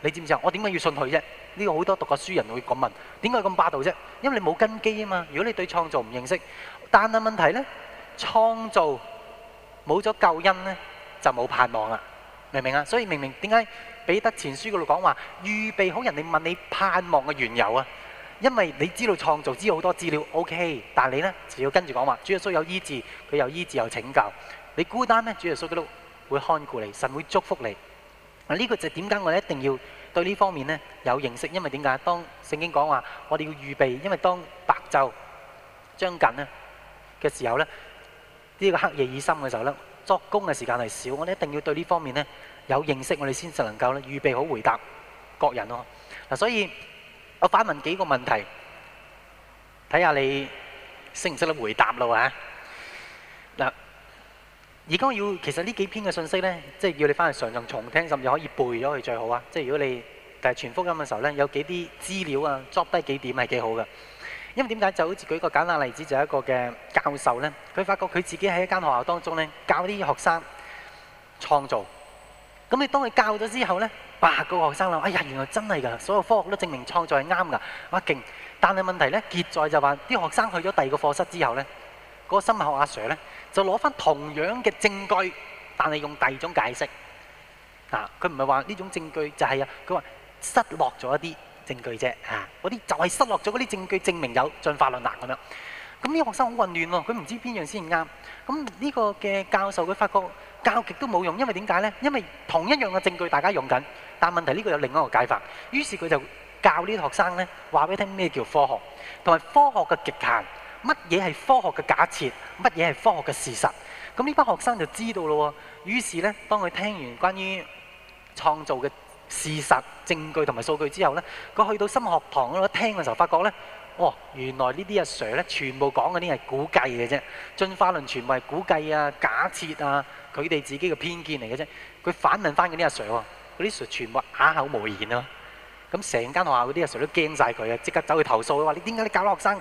你知唔知啊？我點解要信佢啫？呢個好多讀過書人會咁問：點解咁霸道啫？因為你冇根基啊嘛！如果你對創造唔認識，但係問題咧，創造冇咗救恩咧，就冇盼望啦，明唔明啊？所以明明點解彼得前書嗰度講話預備好人哋問你盼望嘅緣由啊？因為你知道創造知好多資料，OK。但係你咧就要跟住講話：主耶穌有醫治，佢有醫治，有請教。你孤單咧，主耶穌都會看顧你，神會祝福你。嗱，呢個就點解我哋一定要對呢方面咧有認識？因為點解？當聖經講話我哋要預備，因為當白晝將近咧嘅時候咧，呢個黑夜已深嘅時候咧，作工嘅時間係少，我哋一定要對呢方面咧有認識，我哋先至能夠咧預備好回答各人咯。嗱，所以我反問幾個問題，睇下你識唔識得回答咯嚇。嗱。而家要其實呢幾篇嘅信息呢，即係要你翻去常用重聽，甚至可以背咗佢最好啊！即係如果你但係傳福音嘅時候呢，有幾啲資料啊，作低幾點係幾好嘅。因為點解？就好似舉個簡單例子，就係一個嘅教授呢，佢發覺佢自己喺一間學校當中呢，教啲學生創造。咁你當佢教咗之後呢，八個學生話：哎呀，原來真係㗎！所有科學都證明創造係啱㗎，哇勁！但係問題呢，結在就話啲學生去咗第二個課室之後呢。個生物學阿 Sir 咧就攞翻同樣嘅證據，但係用第二種解釋。啊，佢唔係話呢種證據就係啊，佢話失落咗一啲證據啫。啊，嗰啲就係失落咗嗰啲證據，證明有進化論難咁樣。咁呢啲學生好混亂喎，佢唔知邊樣先啱。咁呢個嘅教授佢發覺教極都冇用，因為點解咧？因為同一樣嘅證據大家用緊，但係問題呢個有另一個解法。於是佢就教呢啲學生咧話俾你聽咩叫科學，同埋科學嘅極限。乜嘢係科學嘅假設，乜嘢係科學嘅事實？咁呢班學生就知道咯。於是咧，當佢聽完關於創造嘅事實證據同埋數據之後咧，佢去到深學堂嗰度聽嘅時候，發覺咧，哦，原來呢啲阿 Sir 咧，全部講嘅啲係估計嘅啫。進化論全部係估計啊、假設啊，佢哋自己嘅偏見嚟嘅啫。佢反問翻嗰啲阿 Sir，嗰啲 Sir 全部啞口無言咯。咁成間學校嗰啲阿 Sir 都驚晒佢啊，即刻走去投訴，話你點解你搞學生？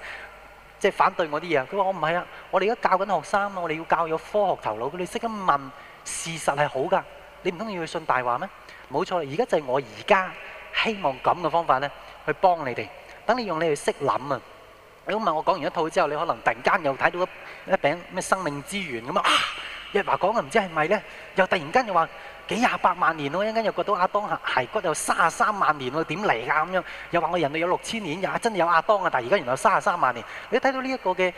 即係反對我啲嘢，佢話我唔係啊！我哋而家教緊學生啊，我哋要教有科學頭腦，佢哋識得問事實係好噶。你唔通要去信大話咩？冇錯，而家就係我而家希望咁嘅方法咧，去幫你哋。等你用你哋識諗啊！如果問我講完一套之後，你可能突然間又睇到一餅咩生命資源咁啊？日話講嘅，唔知係咪咧？又突然間又話。幾廿百萬年咯，一間又覺得亞當骸骨有三十三萬年喎，點嚟㗎咁樣？又話我人類有六千年，又真係有亞當嘅，但係而家原來三十三萬年。你睇到呢一個嘅，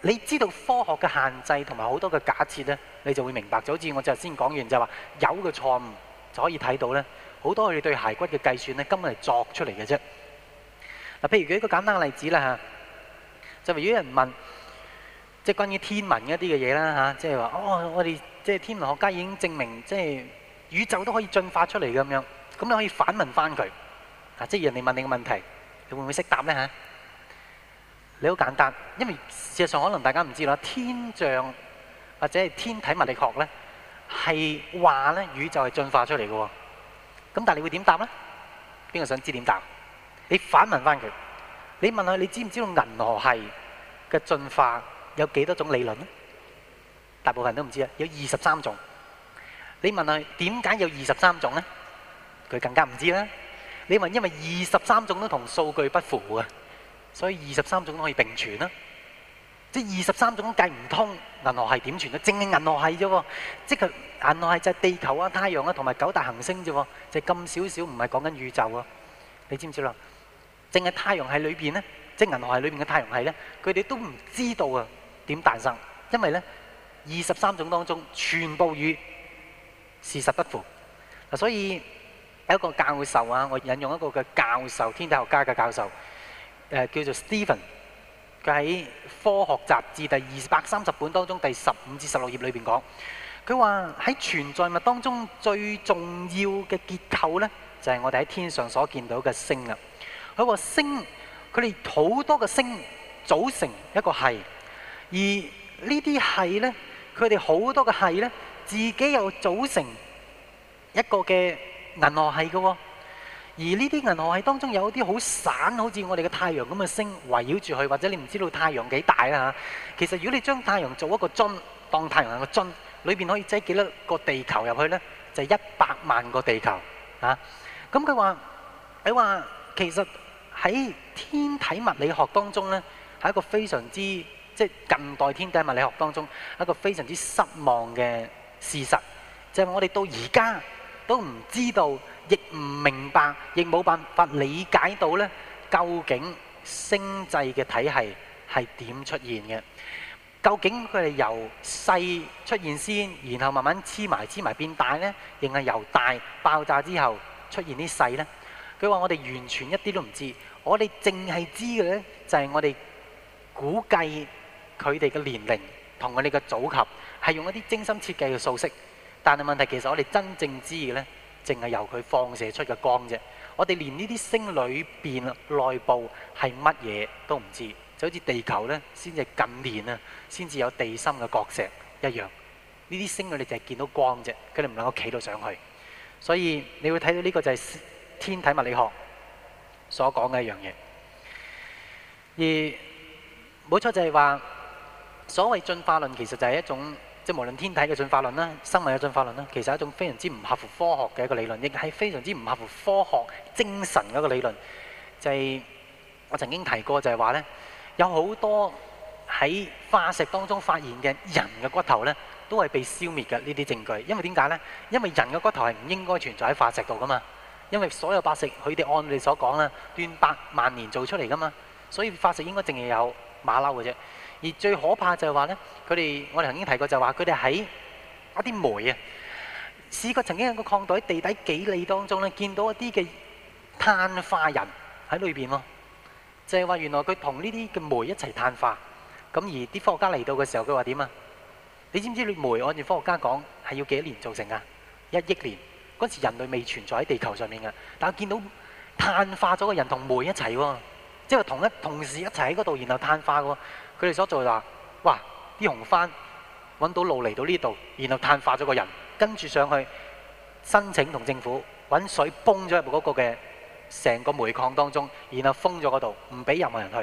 你知道科學嘅限制同埋好多嘅假設咧，你就會明白。就好似我頭先講完就話有嘅錯誤就可以睇到咧，好多佢哋對骸骨嘅計算咧，根本係作出嚟嘅啫。嗱，譬如舉一個簡單嘅例子啦嚇，就係如果有人問，即係關於天文一啲嘅嘢啦嚇，即係話哦，我哋。即係天文學家已經證明，即係宇宙都可以進化出嚟嘅咁樣，咁你可以反問翻佢，啊！即係人哋問你個問題，你會唔會識答咧嚇？你好簡單，因為事實上可能大家唔知啦，天象或者係天體物理學咧，係話咧宇宙係進化出嚟嘅。咁但係你會點答咧？邊個想知點答？你反問翻佢，你問佢你知唔知道銀河系嘅進化有幾多種理論咧？大部分人都唔知啊，有二十三種。你問佢點解有二十三種咧？佢更加唔知啦。你問，因為二十三種都同數據不符啊，所以二十三種都可以並存啦。即係二十三種都計唔通銀河系點存咧，淨係銀河系啫喎。即係銀河系就係地球啊、太陽啊同埋九大行星啫喎，就係咁少少，唔係講緊宇宙啊。你知唔知啦？淨係太陽系裏邊咧，即係銀河系裏邊嘅太陽系咧，佢哋都唔知道啊點誕生，因為咧。二十三種當中，全部與事實不符。所以有一個教授啊，我引用一個嘅教授，天體學家嘅教授，誒叫做 Stephen。佢喺科學雜誌第二百三十本當中第十五至十六頁裏面講，佢話喺存在物當中最重要嘅結構呢，就係我哋喺天上所見到嘅星啊。佢話星，佢哋好多個星組成一個系，而呢啲系呢。」佢哋好多嘅系咧，自己又組成一個嘅銀河系嘅喎。而呢啲銀河系當中有一啲好散，好似我哋嘅太陽咁嘅星圍繞住佢，或者你唔知道太陽幾大啦嚇。其實如果你將太陽做一個樽，當太陽嘅樽，裏邊可以擠幾多個地球入去咧？就一百萬個地球嚇。咁佢話佢話其實喺天體物理學當中咧，係一個非常之。即係近代天體物理學當中一個非常之失望嘅事實，就係我哋到而家都唔知道，亦唔明白，亦冇辦法理解到咧，究竟星際嘅體系係點出現嘅？究竟佢哋由細出現先，然後慢慢黐埋黐埋變大咧，定係由大爆炸之後出現啲細咧？佢話我哋完全一啲都唔知，我哋淨係知嘅咧就係我哋估計。佢哋嘅年齡同我哋嘅組合係用一啲精心設計嘅數式，但係問題是其實我哋真正知嘅呢，淨係由佢放射出嘅光啫。我哋連呢啲星裏邊內部係乜嘢都唔知，就好似地球呢，先至近年啊，先至有地心嘅角石一樣。呢啲星我哋淨係見到光啫，佢哋唔能夠企到上去。所以你會睇到呢個就係天體物理學所講嘅一樣嘢。而冇錯就係話。所謂進化論其實就係一種即係、就是、無論天體嘅進化論啦、生物嘅進化論啦，其實係一種非常之唔合乎科學嘅一個理論，亦係非常之唔合乎科學精神嗰個理論。就係、是、我曾經提過，就係話呢，有好多喺化石當中發現嘅人嘅骨頭呢，都係被消滅嘅呢啲證據。因為點解呢？因為人嘅骨頭係唔應該存在喺化石度噶嘛。因為所有化石，佢哋按你所講啦，斷百萬年做出嚟噶嘛，所以化石應該淨係有馬騮嘅啫。而最可怕就係話咧，佢哋我哋曾經提過，就係話佢哋喺一啲煤啊，試過曾經一個礦隊地底幾里當中咧，見到一啲嘅碳化人喺裏邊咯，就係話原來佢同呢啲嘅煤一齊碳化，咁而啲科學家嚟到嘅時候，佢話點啊？你知唔知啲煤？按住科學家講，係要幾多年造成啊？一億年，嗰時人類未存在喺地球上面噶，但係見到碳化咗嘅人同煤一齊喎，即係同一同時一齊喺嗰度，然後碳化喎。佢哋所做嘅就話：哇！啲紅番揾到路嚟到呢度，然後碳化咗個人，跟住上去申請同政府揾水崩咗入嗰個嘅成個煤礦當中，然後封咗嗰度，唔俾任何人去。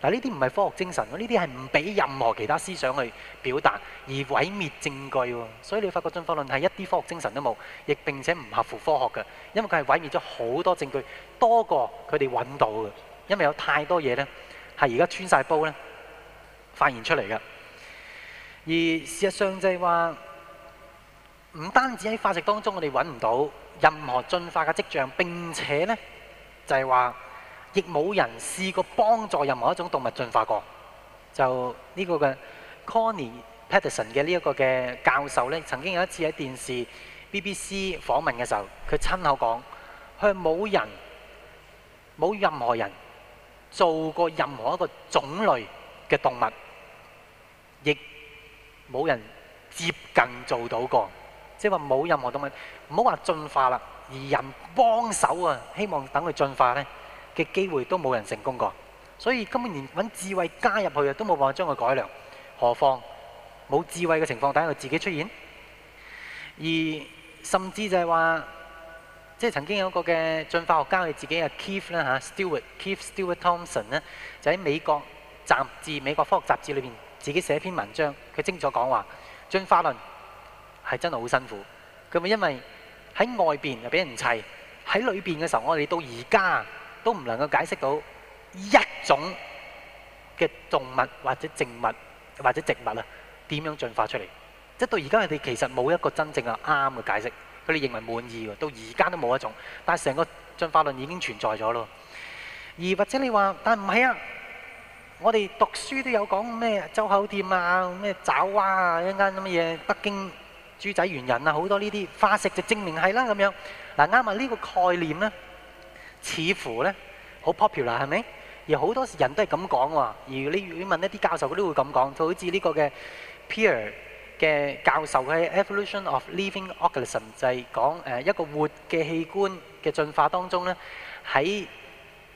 嗱，呢啲唔係科學精神，呢啲係唔俾任何其他思想去表達而毀滅證據。所以你發覺進化論係一啲科學精神都冇，亦並且唔合乎科學嘅，因為佢係毀滅咗好多證據多過佢哋揾到嘅。因為有太多嘢呢，係而家穿晒煲呢。發現出嚟嘅，而事實上就係話，唔單止喺化石當中，我哋揾唔到任何進化嘅跡象，並且呢，就係話，亦冇人試過幫助任何一種動物進化過。就呢個嘅 Conny Patterson 嘅呢一個嘅教授呢，曾經有一次喺電視 BBC 訪問嘅時候，佢親口講，佢冇人冇任何人做過任何一個種類嘅動物。亦冇人接近做到過，即係話冇任何動物，唔好話進化啦，而人幫手啊，希望等佢進化咧嘅機會都冇人成功過，所以根本連揾智慧加入去啊，都冇辦法將佢改良，何況冇智慧嘅情況底下佢自己出現，而甚至就係話，即係曾經有個嘅進化學家，佢自己啊，Keith 啦嚇，Stewart Keith Stewart Thomson 咧，就喺美國雜誌《美國科學雜誌》裏邊。自己寫篇文章，佢清楚講話進化論係真係好辛苦，佢咪因為喺外邊又俾人砌，喺裏邊嘅時候，我哋到而家都唔能夠解釋到一種嘅動物或者植物或者植物啊點樣進化出嚟，即係到而家佢哋其實冇一個真正嘅啱嘅解釋，佢哋認為滿意嘅，到而家都冇一種，但係成個進化論已經存在咗咯，而或者你話，但係唔係啊？我哋讀書都有講咩周口店啊，咩爪哇啊，一間乜嘢北京豬仔猿人啊，好多呢啲化石就證明係啦咁樣。嗱啱啊，呢個概念咧，似乎咧好 popular 係咪？而好多時人都係咁講喎。而你你問一啲教授，佢都會咁講。就好似呢個嘅 Peer 嘅教授嘅 Evolution of Living Organism 就係講誒一個活嘅器官嘅進化當中咧喺。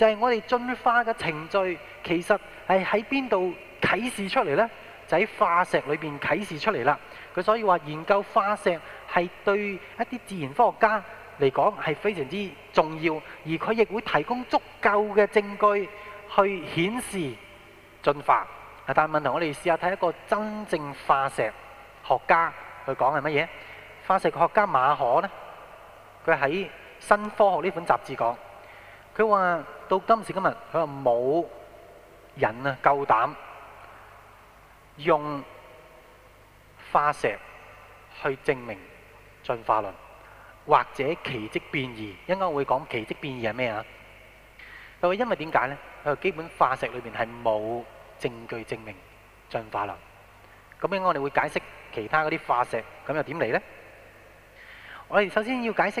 就係我哋進化嘅程序，其實係喺邊度啟示出嚟呢？就喺化石裏面啟示出嚟啦。佢所以話研究化石係對一啲自然科學家嚟講係非常之重要，而佢亦會提供足夠嘅證據去顯示進化。但係問題，我哋試下睇一個真正化石學家佢講係乜嘢？化石學家馬可呢，佢喺《新科學》呢本雜誌講，佢話。到今時今日，佢話冇人啊，夠膽用化石去證明進化論，或者奇蹟變異。應該會講奇蹟變異係咩啊？佢話因為點解呢？佢話基本化石裏面係冇證據證明進化論。咁應該我哋會解釋其他嗰啲化石？咁又點嚟呢？我哋首先要解釋。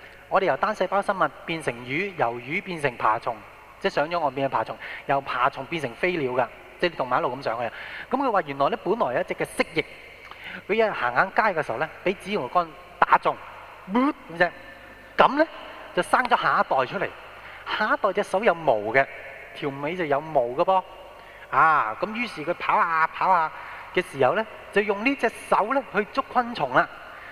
我哋由單細胞生物變成魚，由魚變成爬蟲，即係上咗岸變咗爬蟲，由爬蟲變成飛鳥㗎，即係動物一路咁上去。咁佢話：原來咧，本來有一隻嘅蜥蜴，佢一行緊街嘅時候咧，俾紫外光打中，咁咧、嗯、就生咗下一代出嚟。下一代隻手有毛嘅，條尾就有毛㗎噃。啊，咁於是佢跑下跑下嘅時候咧，就用呢隻手咧去捉昆蟲啦。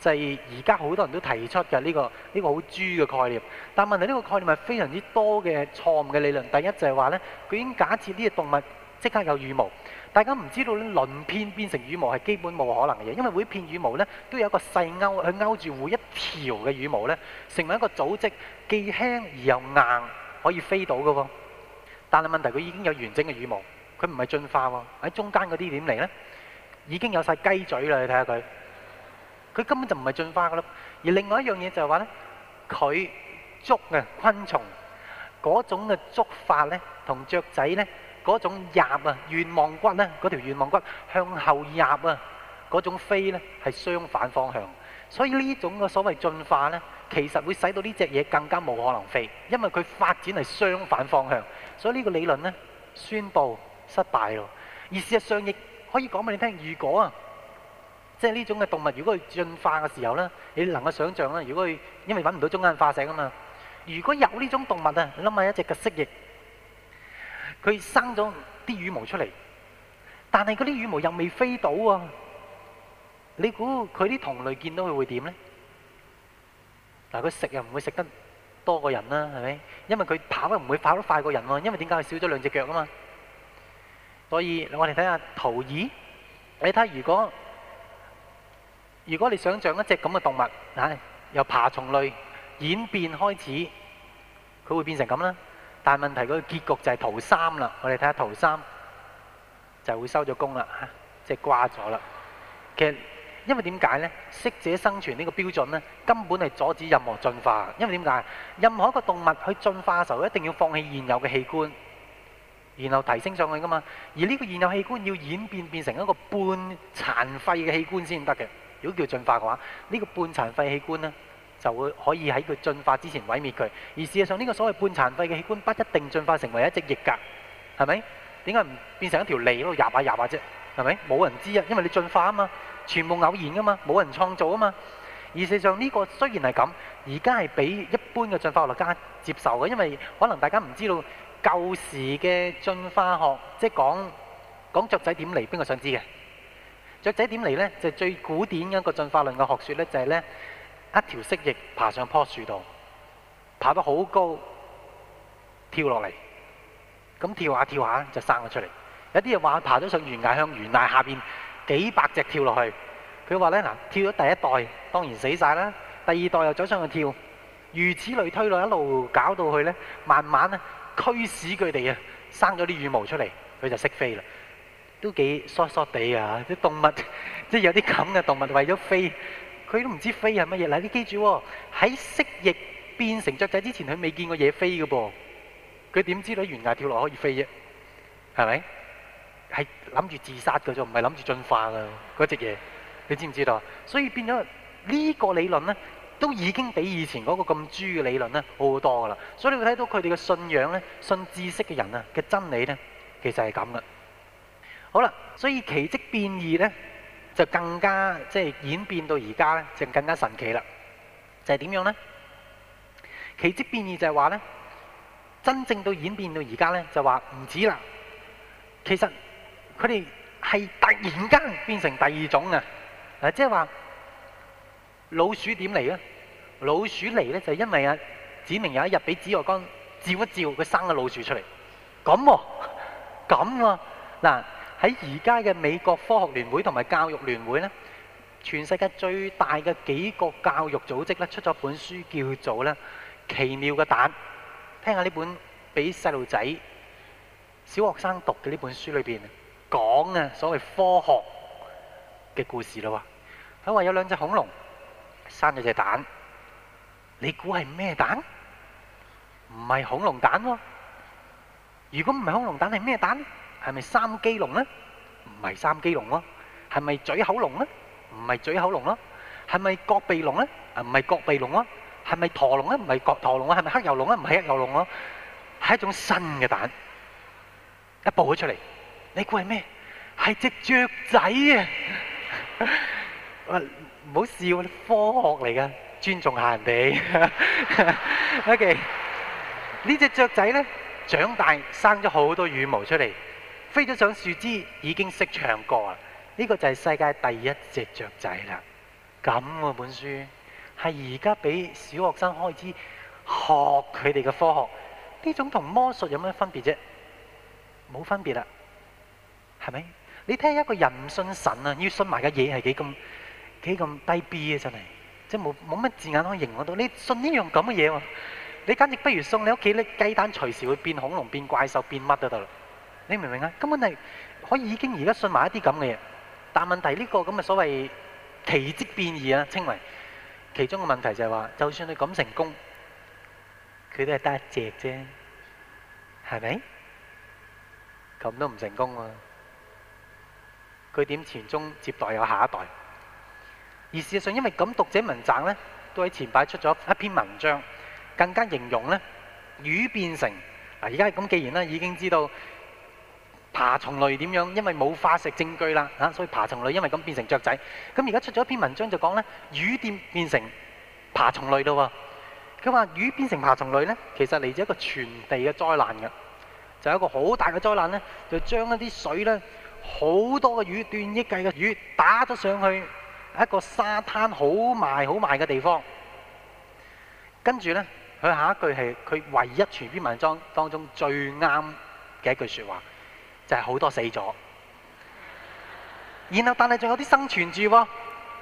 就係而家好多人都提出嘅呢個呢個好豬嘅概念，但問題呢個概念係非常之多嘅錯誤嘅理論。第一就係話呢，佢已經假設呢隻動物即刻有羽毛，大家唔知道咧鱗片變成羽毛係基本冇可能嘅，因為每片羽毛呢都有一個細勾，去勾住每一條嘅羽毛呢，成為一個組織，既輕而又硬，可以飛到嘅喎。但係問題佢已經有完整嘅羽毛，佢唔係進化喎。喺中間嗰啲點嚟呢，已經有晒雞嘴啦！你睇下佢。佢根本就唔係進化噶咯，而另外一樣嘢就係話呢，佢捉嘅昆蟲嗰種嘅捉法呢，同雀仔呢嗰種壓啊，願望骨呢嗰條願望骨向後壓啊嗰種飛呢係相反方向，所以呢種嘅所謂進化呢，其實會使到呢隻嘢更加冇可能飛，因為佢發展係相反方向，所以呢個理論呢宣佈失敗咯，而事實上亦可以講俾你聽，如果啊～即係呢種嘅動物，如果佢進化嘅時候咧，你能夠想像啦。如果佢因為揾唔到中間化石啊嘛，如果有呢種動物啊，你諗下一隻嘅蜥蜴，佢生咗啲羽毛出嚟，但係嗰啲羽毛又未飛到啊。你估佢啲同類見到佢會點咧？嗱，佢食又唔會食得多過人啦，係咪？因為佢跑又唔會跑得快過人喎，因為點解佢少咗兩隻腳啊嘛。所以我哋睇下圖二，你睇如果，如果你想象一隻咁嘅動物，啊，由爬蟲類演變開始，佢會變成咁啦。但係問題佢嘅結局就係圖三啦。我哋睇下圖三，就會收咗工啦，即係掛咗啦。其實，因為點解呢？適者生存呢個標準呢，根本係阻止任何進化。因為點解？任何一個動物去進化嘅時候，一定要放棄現有嘅器官，然後提升上去噶嘛。而呢個現有器官要演變變成一個半殘廢嘅器官先得嘅。如果叫進化嘅話，呢個半殘廢器官呢就會可以喺佢進化之前毀滅佢。而事實上，呢個所謂半殘廢嘅器官不一定進化成為一隻翼㗎，係咪？點解唔變成一條脷喺度呀吧呀吧啫？係咪？冇人知啊，因為你進化啊嘛，全部偶然㗎嘛，冇人創造啊嘛。而事實上呢個雖然係咁，而家係畀一般嘅進化學家接受嘅，因為可能大家唔知道舊時嘅進化學即係講講雀仔點嚟，邊個想知嘅？雀仔點嚟呢？就係、最古典嘅一個進化論嘅學説呢，就係呢：一條蜥蜴爬上棵樹度，爬得好高，跳落嚟，咁跳下跳下就生咗出嚟。有啲人話爬咗上懸崖向，向懸崖下邊幾百隻跳落去。佢話呢，嗱，跳咗第一代當然死晒啦，第二代又走上去跳，如此類推落一路搞到佢呢，慢慢呢驅使佢哋啊生咗啲羽毛出嚟，佢就識飛啦。都幾傻傻地啊！啲動物即係有啲咁嘅動物為咗飛，佢都唔知飛係乜嘢。嗱，你記住喎，喺蜥蜴變成雀仔之前，佢未見過嘢飛嘅噃。佢點知道懸崖跳落可以飛啫？係咪？係諗住自殺㗎，啫，唔係諗住進化㗎。嗰隻嘢，你知唔知道？所以變咗呢個理論咧，都已經比以前嗰個咁豬嘅理論咧好好多噶啦。所以你會睇到佢哋嘅信仰咧，信知識嘅人啊嘅真理咧，其實係咁嘅。好啦，所以奇蹟變異咧，就更加即係、就是、演變到而家咧，就更加神奇啦。就係、是、點樣咧？奇蹟變異就係話咧，真正到演變到而家咧，就話唔止啦。其實佢哋係突然間變成第二種啊！欸，即係話老鼠點嚟呢？老鼠嚟咧就因為啊，指明有一日俾紫外光照一照，佢生個老鼠出嚟。咁喎、啊，咁喎、啊，嗱。喺而家嘅美國科學聯會同埋教育聯會咧，全世界最大嘅幾個教育組織咧，出咗本書叫做咧《奇妙嘅蛋》，聽下呢本俾細路仔、小學生讀嘅呢本書裏邊講啊所謂科學嘅故事咯。佢話有兩隻恐龍生咗隻蛋，你估係咩蛋？唔係恐龍蛋喎。如果唔係恐龍蛋，係咩蛋？係咪三基龍咧？唔係三基龍咯。係咪嘴口龍咧？唔係嘴口龍咯。係咪角鼻龍咧？唔係角鼻龍咯。係咪駝龍咧？唔係角駝龍啊。係咪黑油龍咧？唔係黑油龍咯。係一種新嘅蛋，一部咗出嚟。你估係咩？係隻雀仔啊！唔好笑，科學嚟噶，尊重下人哋。OK，呢隻雀仔咧，長大生咗好多羽毛出嚟。飛咗上樹枝已經識唱歌啦！呢個就係世界第一隻雀仔啦！咁個本書係而家俾小學生開始學佢哋嘅科學，呢種同魔術有乜分別啫？冇分別啦，係咪？你聽一個人唔信神啊，要信埋嘅嘢係幾咁幾咁低 B 啊！真係，即係冇冇乜字眼可以形容到。你信呢樣咁嘅嘢喎，你簡直不如送你屋企啲雞蛋隨時會變恐龍、變怪獸、變乜都得啦！你明唔明啊？根本係可以已經而家信埋一啲咁嘅嘢，但問題呢個咁嘅所謂奇蹟變異啊，稱為其中嘅問題就係話，就算你咁成功，佢都係得一隻啫，係咪？咁都唔成功啊！佢點傳宗接代有下一代？而事實上，因為咁讀者文摘呢，都喺前排出咗一篇文章，更加形容呢魚變成嗱，而家咁既然呢已經知道。爬蟲類點樣？因為冇化石證據啦，嚇，所以爬蟲類因為咁變成雀仔。咁而家出咗一篇文章就講呢魚店變成爬蟲類嘞喎。佢話魚變成爬蟲類呢，其實嚟自一個全地嘅災難嘅，就係、是、一個好大嘅災難呢，就將一啲水呢，好多嘅魚、斷億計嘅魚打咗上去一個沙灘好埋好埋嘅地方。跟住呢，佢下一句係佢唯一全篇文章當中最啱嘅一句説話。就係好多死咗，然後但係仲有啲生存住喎，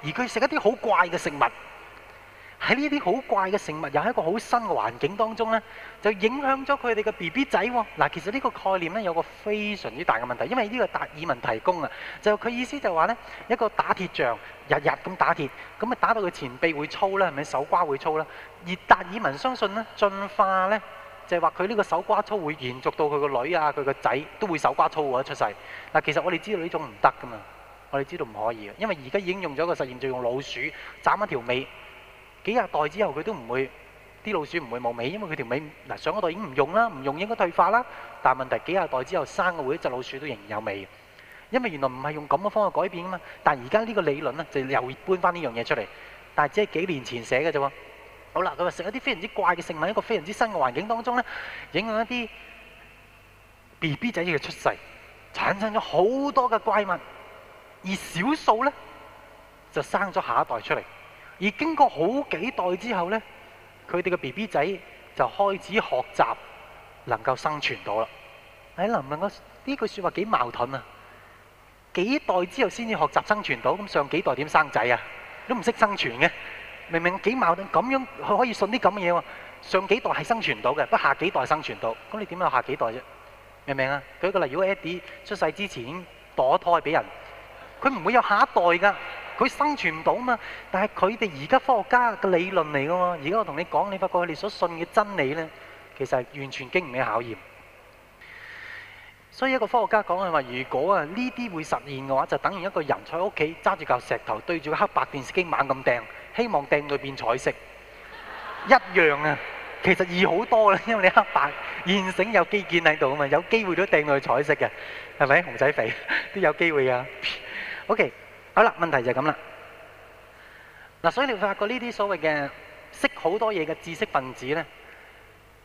而佢食一啲好怪嘅食物，喺呢啲好怪嘅食物，又喺一個好新嘅環境當中呢，就影響咗佢哋嘅 B B 仔喎。嗱，其實呢個概念呢，有個非常之大嘅問題，因為呢個達爾文提供啊，就佢意思就話呢，一個打鐵匠日日咁打鐵，咁啊打到佢前臂會粗啦，係咪手瓜會粗啦？而達爾文相信呢，進化呢。就係話佢呢個手瓜粗會延續到佢個女啊，佢個仔都會手瓜粗啊出世。嗱，其實我哋知道呢種唔得噶嘛，我哋知道唔可以啊，因為而家已經用咗個實驗，就用老鼠斬一條尾，幾廿代之後佢都唔會，啲老鼠唔會冇尾，因為佢條尾。嗱，上一代已經唔用啦，唔用應該退化啦。但問題幾廿代之後生嘅會一隻老鼠都仍然有尾，因為原來唔係用咁嘅方法改變噶嘛。但而家呢個理論呢，就又搬翻呢樣嘢出嚟，但只係幾年前寫嘅啫喎。好啦，佢話食一啲非常之怪嘅食物，一個非常之新嘅環境當中咧，影響一啲 B B 仔嘅出世，產生咗好多嘅怪物，而少數咧就生咗下一代出嚟，而經過好幾代之後咧，佢哋嘅 B B 仔就開始學習能夠生存到啦。你諗唔諗，呢句説話幾矛盾啊！幾代之後先至學習生存到，咁上幾代點生仔啊？都唔識生存嘅。明明幾矛盾，咁樣佢可以信啲咁嘅嘢喎？上幾代係生存到嘅，不下幾代生存到，咁你點有下幾代啫？明唔明啊？舉個例，如果 Eddie 出世之前已經墮胎俾人，佢唔會有下一代噶，佢生存唔到嘛。但係佢哋而家科學家嘅理論嚟噶嘛。而家我同你講，你發覺佢哋所信嘅真理咧，其實完全經唔起考驗。所以一個科學家講佢話：，如果啊呢啲會實現嘅話，就等於一個人喺屋企揸住嚿石頭對住個黑白電視機猛咁掟。希望掟落去變彩色，一樣啊！其實易好多啦，因為你黑白現成有基建喺度啊嘛，有機會都掟落去彩色嘅，係咪？牛仔肥都有機會啊。OK，好啦，問題就係咁啦。嗱，所以你會發覺呢啲所謂嘅識好多嘢嘅知識分子咧，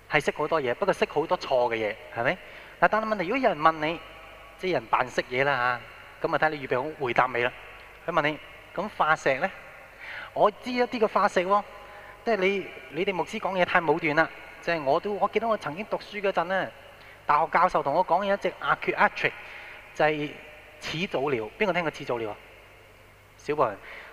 係識好多嘢，不過識好多錯嘅嘢，係咪？嗱，但係問題，如果有人問你，即係人扮識嘢啦嚇，咁啊睇下你預備好回答未啦？佢問你，咁化石咧？我知一啲嘅化石喎，即係你你哋牧師講嘢太武斷啦。即係我都我記得我曾經讀書嗰陣咧，大學教授同我講有一隻 Archaeopteryx 就係始祖鳥。邊個聽過始祖鳥啊？小博，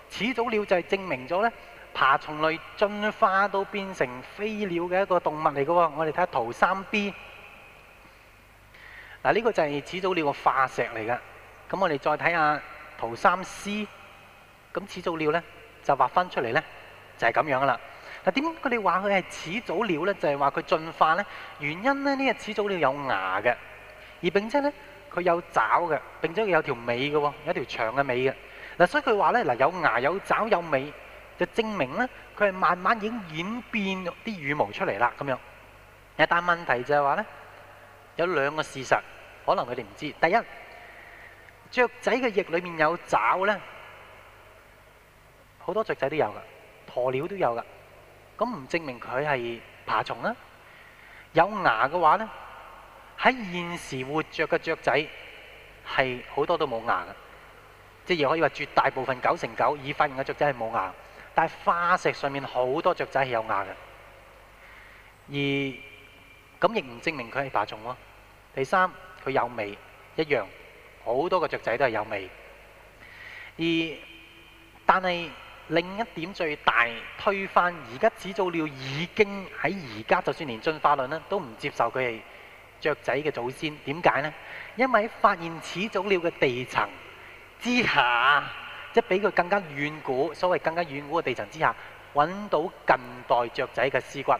始祖鳥就係證明咗咧，爬蟲類進化到變成飛鳥嘅一個動物嚟嘅喎。我哋睇下圖三 B，嗱呢個就係始祖鳥嘅化石嚟㗎。咁我哋再睇下圖三 C，咁始祖鳥咧？就畫返出嚟呢，就係咁樣噶啦。嗱，點佢哋話佢係始祖鳥呢？就係話佢進化呢，原因呢，呢個始祖鳥有牙嘅，而並且呢，佢有爪嘅，並且佢有條尾嘅，有條長嘅尾嘅。嗱，所以佢話呢，嗱有牙，有爪，有尾，有尾就證明呢，佢係慢慢已經演變啲羽毛出嚟啦，咁樣。但問題就係話呢，有兩個事實可能佢哋唔知。第一，雀仔嘅翼裏面有爪呢。好多雀仔都有噶，鴕鳥都有噶，咁唔證明佢係爬蟲啊！有牙嘅話呢，喺現時活著嘅雀仔係好多都冇牙嘅，即係亦可以話絕大部分九成九已發現嘅雀仔係冇牙，但係化石上面好多雀仔係有牙嘅，而咁亦唔證明佢係爬蟲咯。第三，佢有尾一樣，好多個雀仔都係有尾，而但係。另一點最大推翻，而家始祖鳥已經喺而家，就算連進化論咧都唔接受佢係雀仔嘅祖先，點解呢？因為喺發現始祖鳥嘅地層之下，即係比佢更加遠古，所謂更加遠古嘅地層之下，揾到近代雀仔嘅屍骨，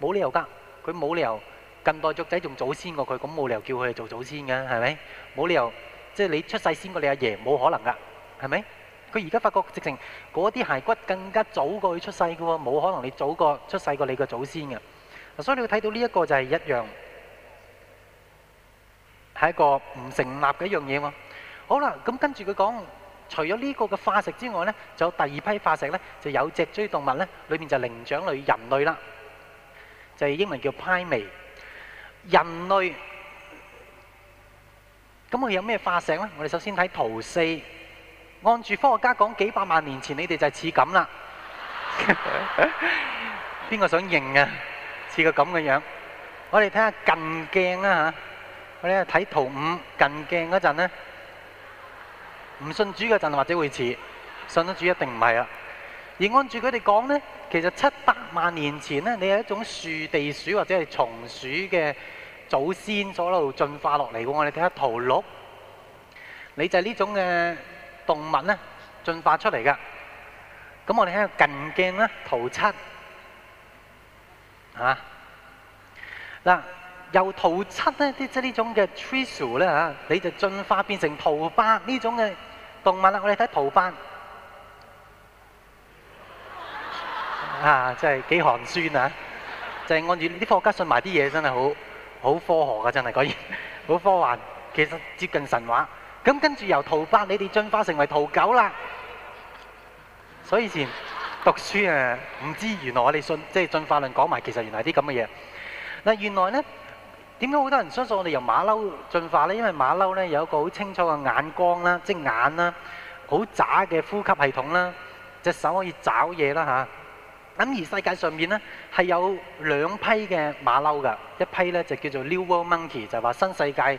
冇理由㗎，佢冇理由近代雀仔仲祖先過佢，咁冇理由叫佢做祖先嘅，係咪？冇理由，即係你出世先過你阿爺，冇可能㗎，係咪？佢而家發覺，直情嗰啲骸骨更加早過佢出世嘅喎，冇可能你早過出世過你個祖先嘅。嗱，所以你會睇到呢一個就係一樣，係一個唔成立嘅一樣嘢喎。好啦，咁跟住佢講，除咗呢個嘅化石之外咧，仲有第二批化石咧，就有脊椎動物咧，裏邊就靈長類人類啦，就係英文叫 Primate，人類。咁佢有咩化石咧？我哋首先睇圖四。按住科學家講，幾百萬年前你哋就係似咁啦。邊個想認啊？似個咁嘅樣。我哋睇下近鏡啊嚇。我哋睇圖五近鏡嗰陣呢，唔信主嗰陣或者會似，信得主一定唔係啦。而按住佢哋講呢，其實七百萬年前呢，你係一種樹地鼠或者係松鼠嘅祖先所喺度進化落嚟嘅。我哋睇下圖六，你就係呢種嘅。動物咧進化出嚟噶，咁我哋喺度近鏡咧圖七嚇嗱、啊啊，由圖七咧啲即係呢種嘅 t r i c e u e 咧嚇，你就進化變成圖八呢種嘅動物啦。我哋睇圖八嚇，真係幾寒酸啊！ *laughs* 就係按住啲科學家信埋啲嘢，真係好好科學噶，真係嗰啲好科幻，其實接近神話。咁跟住由淘八你哋進化成為淘九啦，所以以前讀書啊，唔知原來我哋信即係進化論講埋，其實原來係啲咁嘅嘢。嗱，原來咧點解好多人相信我哋由馬騮進化咧？因為馬騮咧有一個好清楚嘅眼光啦，即眼啦，好渣嘅呼吸系統啦，隻手可以找嘢啦嚇。咁而世界上面咧係有兩批嘅馬騮㗎，一批咧就叫做 New World Monkey，就話新世界。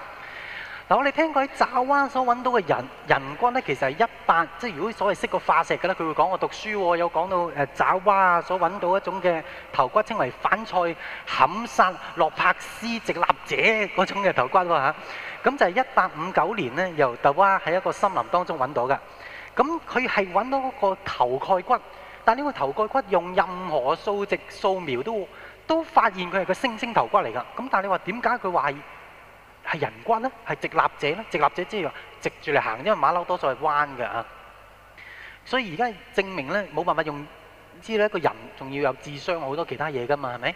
嗱，我哋聽過喺爪哇所揾到嘅人人骨咧，其實係一百，即係如果所謂識個化石嘅咧，佢會講我讀書喎，有講到誒爪哇所揾到一種嘅頭骨，稱為反賽坎薩洛帕斯直立者嗰種嘅頭骨喎吓。咁就係一八五九年咧，由爪哇喺一個森林當中揾到嘅。咁佢係揾到一個頭蓋骨，但呢個頭蓋骨用任何數值、掃描都都發現佢係個猩猩頭骨嚟㗎。咁但係你話點解佢話係？係人關咧，係直立者咧，直立者即係話直住嚟行，因為馬騮多數係彎嘅啊。所以而家證明咧，冇辦法用，知啦，個人仲要有智商好多其他嘢噶嘛，係咪？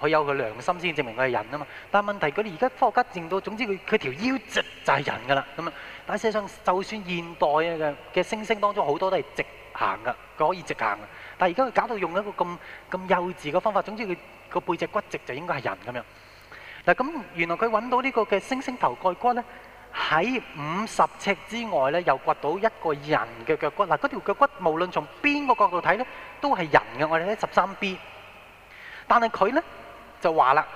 佢有佢良心先證明佢係人啊嘛。但係問題佢而家科學家證明到，總之佢佢條腰直就係人噶啦咁啊。但係世上就算現代嘅嘅猩猩當中好多都係直行噶，佢可以直行啊。但係而家佢搞到用一個咁咁幼稚嘅方法，總之佢個背脊骨直就應該係人咁樣。嗱咁，原來佢揾到呢個嘅星星頭蓋骨咧，喺五十尺之外咧，又掘到一個人嘅腳骨。嗱，嗰條腳骨無論從邊個角度睇咧，都係人嘅。我哋喺十三 B，但係佢咧就話啦，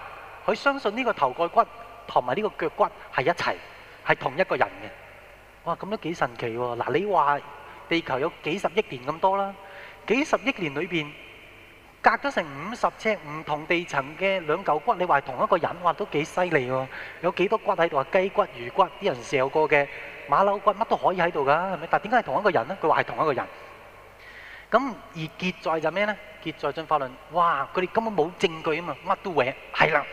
佢相信呢個頭蓋骨同埋呢個腳骨係一齊，係同一個人嘅。哇，咁都幾神奇喎！嗱，你話地球有幾十億年咁多啦，幾十億年裏邊？隔咗成五十尺唔同地層嘅兩嚿骨，你話係同一個人，哇，都幾犀利喎！有幾多骨喺度啊？雞骨、魚骨，啲人嚼過嘅馬騮骨，乜都可以喺度噶，係咪？但點解係同一個人咧？佢話係同一個人。咁而結在就咩咧？結在《進化論》。哇！佢哋根本冇證據啊嘛，乜都搲。係啦，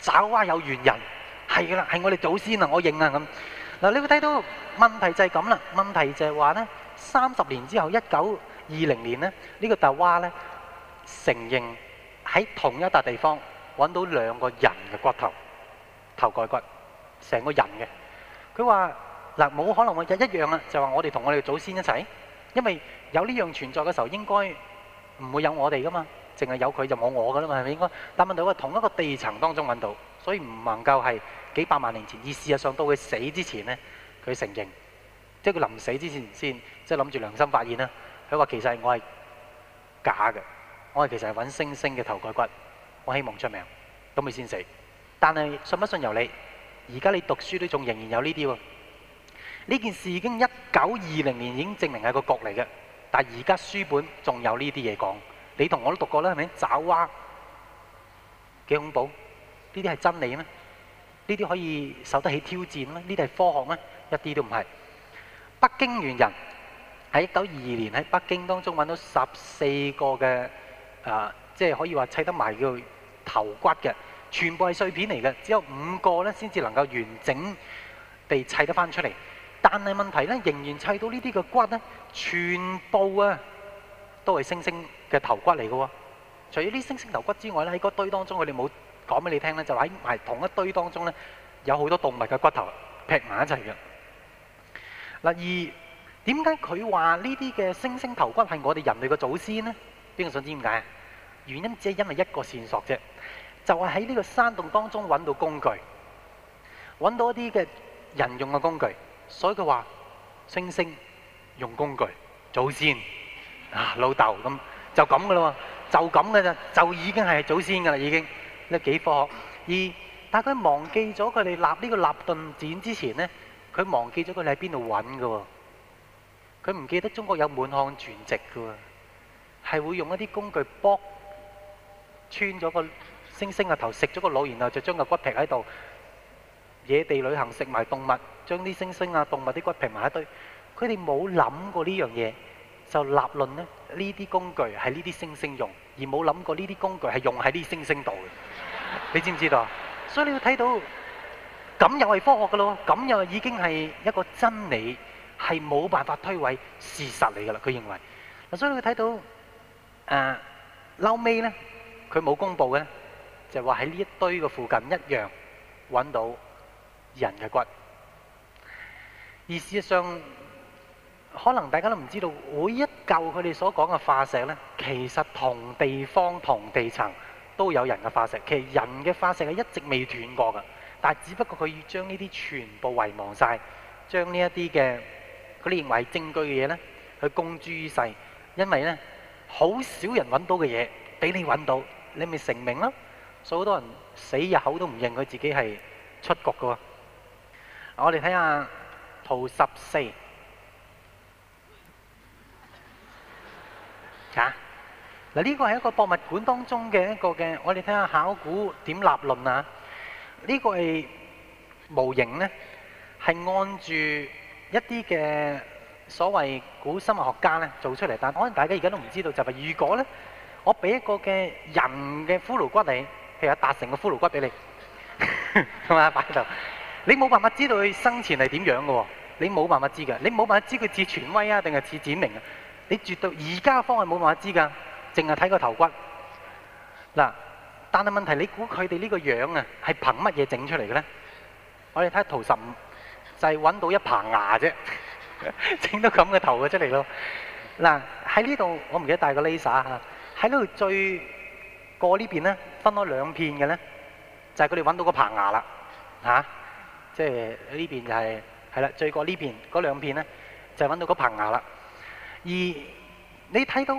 爪哇有猿人，係啦，係我哋祖先啊！我認啊咁。嗱，你會睇到問題就係咁啦。問題就係話咧，三十年之後，一九二零年咧，呢個大蛙咧。承認喺同一笪地方揾到兩個人嘅骨頭，頭蓋骨，成個人嘅。佢話：嗱，冇可能我一一樣啊，就話我哋同我哋嘅祖先一齊，因為有呢樣存在嘅時候，應該唔會有我哋噶嘛，淨係有佢就冇我噶啦嘛，係咪應該？但問到話同一個地層當中揾到，所以唔能夠係幾百萬年前，而事實上到佢死之前呢，佢承認，即係佢臨死之前先即係諗住良心發現啦。佢話其實我係假嘅。我係其實係揾星星嘅頭蓋骨，我希望出名，咁咪先死。但係信不信由你。而家你讀書都仲仍然有呢啲喎。呢件事已經一九二零年已經證明係個局嚟嘅，但係而家書本仲有呢啲嘢講。你同我都讀過啦，係咪？爪哇幾恐怖？呢啲係真理咩？呢啲可以受得起挑戰咩？呢啲係科學咩？一啲都唔係。北京猿人喺一九二二年喺北京當中揾到十四個嘅。啊，即係可以話砌得埋佢頭骨嘅，全部係碎片嚟嘅，只有五個咧先至能夠完整地砌得翻出嚟。但係問題咧，仍然砌到呢啲嘅骨咧，全部啊都係猩猩嘅頭骨嚟嘅喎。除咗呢啲猩猩頭骨之外咧，喺個堆當中，我哋冇講俾你聽咧，就喺埋同一堆當中咧，有好多動物嘅骨頭劈埋一齊嘅。嗱、啊，而點解佢話呢啲嘅猩猩頭骨係我哋人類嘅祖先咧？邊個想知點解啊？原因只係因為一個線索啫，就係喺呢個山洞當中搵到工具，搵到一啲嘅人用嘅工具，所以佢話：猩猩用工具，祖先啊老豆咁就咁噶啦嘛，就咁噶咋，就已經係祖先噶啦，已經，咧幾科學。而但係佢忘記咗佢哋立呢個立頓展之前咧，佢忘記咗佢哋喺邊度搵噶，佢唔記得中國有滿漢全席噶。係會用一啲工具剝穿咗個猩猩嘅頭，食咗個腦，然後就將個骨劈喺度。野地旅行食埋動物，將啲猩猩啊、動物啲骨劈埋一堆。佢哋冇諗過呢樣嘢，就立論咧，呢啲工具係呢啲猩猩用，而冇諗過呢啲工具係用喺呢啲猩猩度嘅。你知唔知道啊？所以你要睇到咁又係科學噶咯，咁又已經係一個真理，係冇辦法推諉事實嚟噶啦。佢認為嗱，所以你睇到。呃，啊、後尾咧，佢冇公布嘅，就話喺呢一堆嘅附近一樣揾到人嘅骨。而事實上，可能大家都唔知道，每一嚿佢哋所講嘅化石咧，其實同地方同地層都有人嘅化石。其實人嘅化石係一直未斷過噶。但係只不過佢要將呢啲全部遺忘晒，將呢一啲嘅佢哋認為證據嘅嘢咧，去公諸於世，因為咧。好少人揾到嘅嘢，俾你揾到，你咪成名咯！所以好多人死入口都唔認佢自己係出局㗎喎。我哋睇下圖十四嚇，嗱呢個係一個博物館當中嘅一個嘅，我哋睇下考古點立論啊？呢個係模型咧，係按住一啲嘅。所謂古生物學家咧做出嚟，但可能大家而家都唔知道就係如果咧，我俾一個嘅人嘅骷髏骨你，譬如阿達成嘅骷髏骨俾你，係咪啊？擺喺度，你冇辦法知道佢生前係點樣嘅喎，你冇辦法知嘅，你冇辦法知佢似傳威啊定係似展明啊？你絕對而家方係冇辦法知㗎，淨係睇個頭骨。嗱，但係問題你估佢哋呢個樣啊，係憑乜嘢整出嚟嘅咧？我哋睇圖十五，就係揾到一棚牙啫。整 *laughs* 到咁嘅頭嘅出嚟咯。嗱喺呢度，我唔記得帶個 laser 吓。喺呢度最過這邊呢邊咧，分開兩片嘅咧，就係佢哋揾到個棚牙啦。吓，即係呢邊就係係啦，最過呢邊嗰兩片咧，就揾到個棚牙啦。而你睇到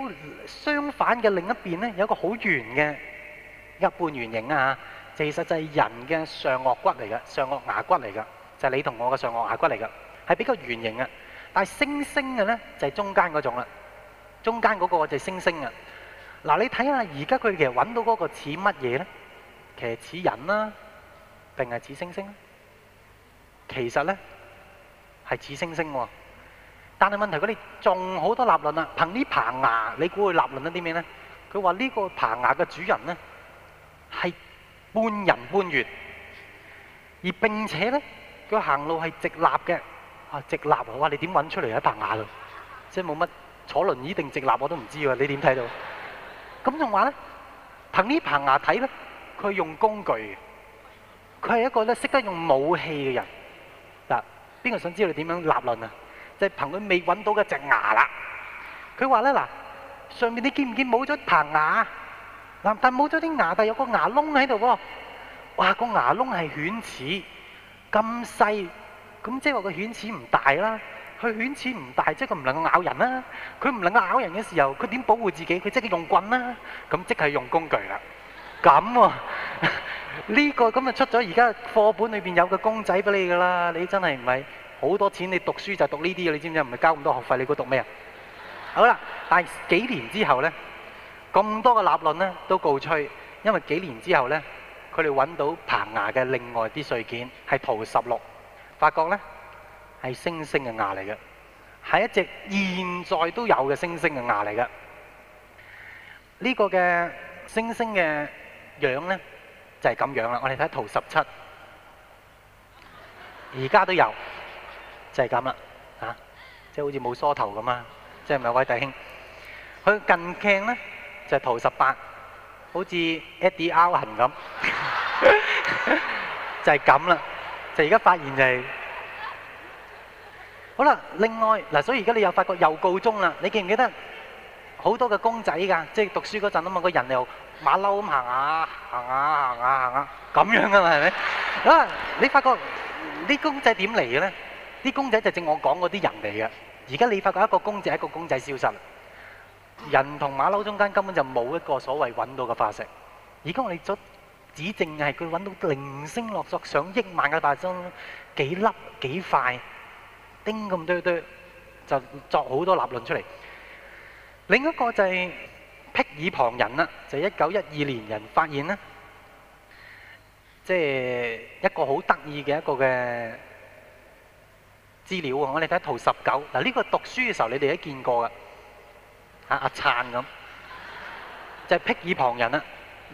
相反嘅另一邊咧，有一個好圓嘅一半圓形啊。其實就係人嘅上顎骨嚟嘅，上顎牙骨嚟嘅，就係你同我嘅上顎牙骨嚟嘅，係比較圓形嘅。但係猩猩嘅咧就係中間嗰種啦，中間嗰個就係猩猩啊！嗱，你睇下而家佢其實揾到嗰個似乜嘢咧？其實似人啦、啊，定係似猩猩？其實咧係似猩猩喎。但係問題，如果你仲好多立論啊，憑呢棚牙，你估佢立論得啲咩咧？佢話呢個棚牙嘅主人咧係半人半猿，而並且咧佢行路係直立嘅。啊！直立我話你點揾出嚟啊？棚牙度，即係冇乜坐輪椅定直立我都唔知喎。你點睇到？咁仲話咧，憑呢棚牙睇咧，佢用工具，佢係一個咧識得用武器嘅人。嗱，邊個想知道你點樣立論啊？就憑佢未揾到嘅隻牙啦。佢話咧嗱，上面你見唔見冇咗棚牙？嗱，但係冇咗啲牙，但係有個牙窿喺度喎。哇，個牙窿係犬齒咁細。咁即係話個犬齒唔大啦，佢犬齒唔大，即係佢唔能夠咬人啦。佢唔能夠咬人嘅時候，佢點保護自己？佢即係用棍啦。咁即係用工具啦。咁喎，呢個咁啊出咗而家課本裏邊有個公仔俾你噶啦。你真係唔係好多錢？你讀書就讀呢啲，你知唔知啊？唔係交咁多學費，你估讀咩啊？好啦，但係幾年之後咧，咁多個立論咧都告吹，因為幾年之後咧，佢哋揾到棚牙嘅另外啲碎件，係圖十六。發覺咧係猩猩嘅牙嚟嘅，係一隻現在都有嘅猩猩嘅牙嚟嘅。呢個嘅猩猩嘅樣咧就係咁樣啦。我哋睇圖十七，而家都有就係咁啦，嚇，即係好似冇梳頭咁啊，即係咪位弟兄？佢近鏡咧就係圖十八，好似一啲凹痕咁，就係咁啦。就而家發現就係好啦。另外嗱，所以而家你又發覺又告終啦。你記唔記得好多嘅公仔㗎？即係讀書嗰陣啊嘛，個人又馬騮咁行下行下行下行下咁樣㗎嘛，係咪？啊，你發覺啲公仔點嚟嘅咧？啲公仔就正我講嗰啲人嚟嘅。而家你發覺一個公仔一個公仔消失，人同馬騮中間根本就冇一個所謂揾到嘅化石。而家我哋咗。指淨係佢揾到零星落索上億萬嘅大鐘，幾粒幾塊釘咁多多，就作好多立論出嚟。另一個就係辟耳旁人啦，就係一九一二年人發現啦，即係一個好得意嘅一個嘅資料啊！我哋睇圖十九嗱，呢個讀書嘅時候你哋都見過噶，阿阿燦咁，就係辟耳旁人啦。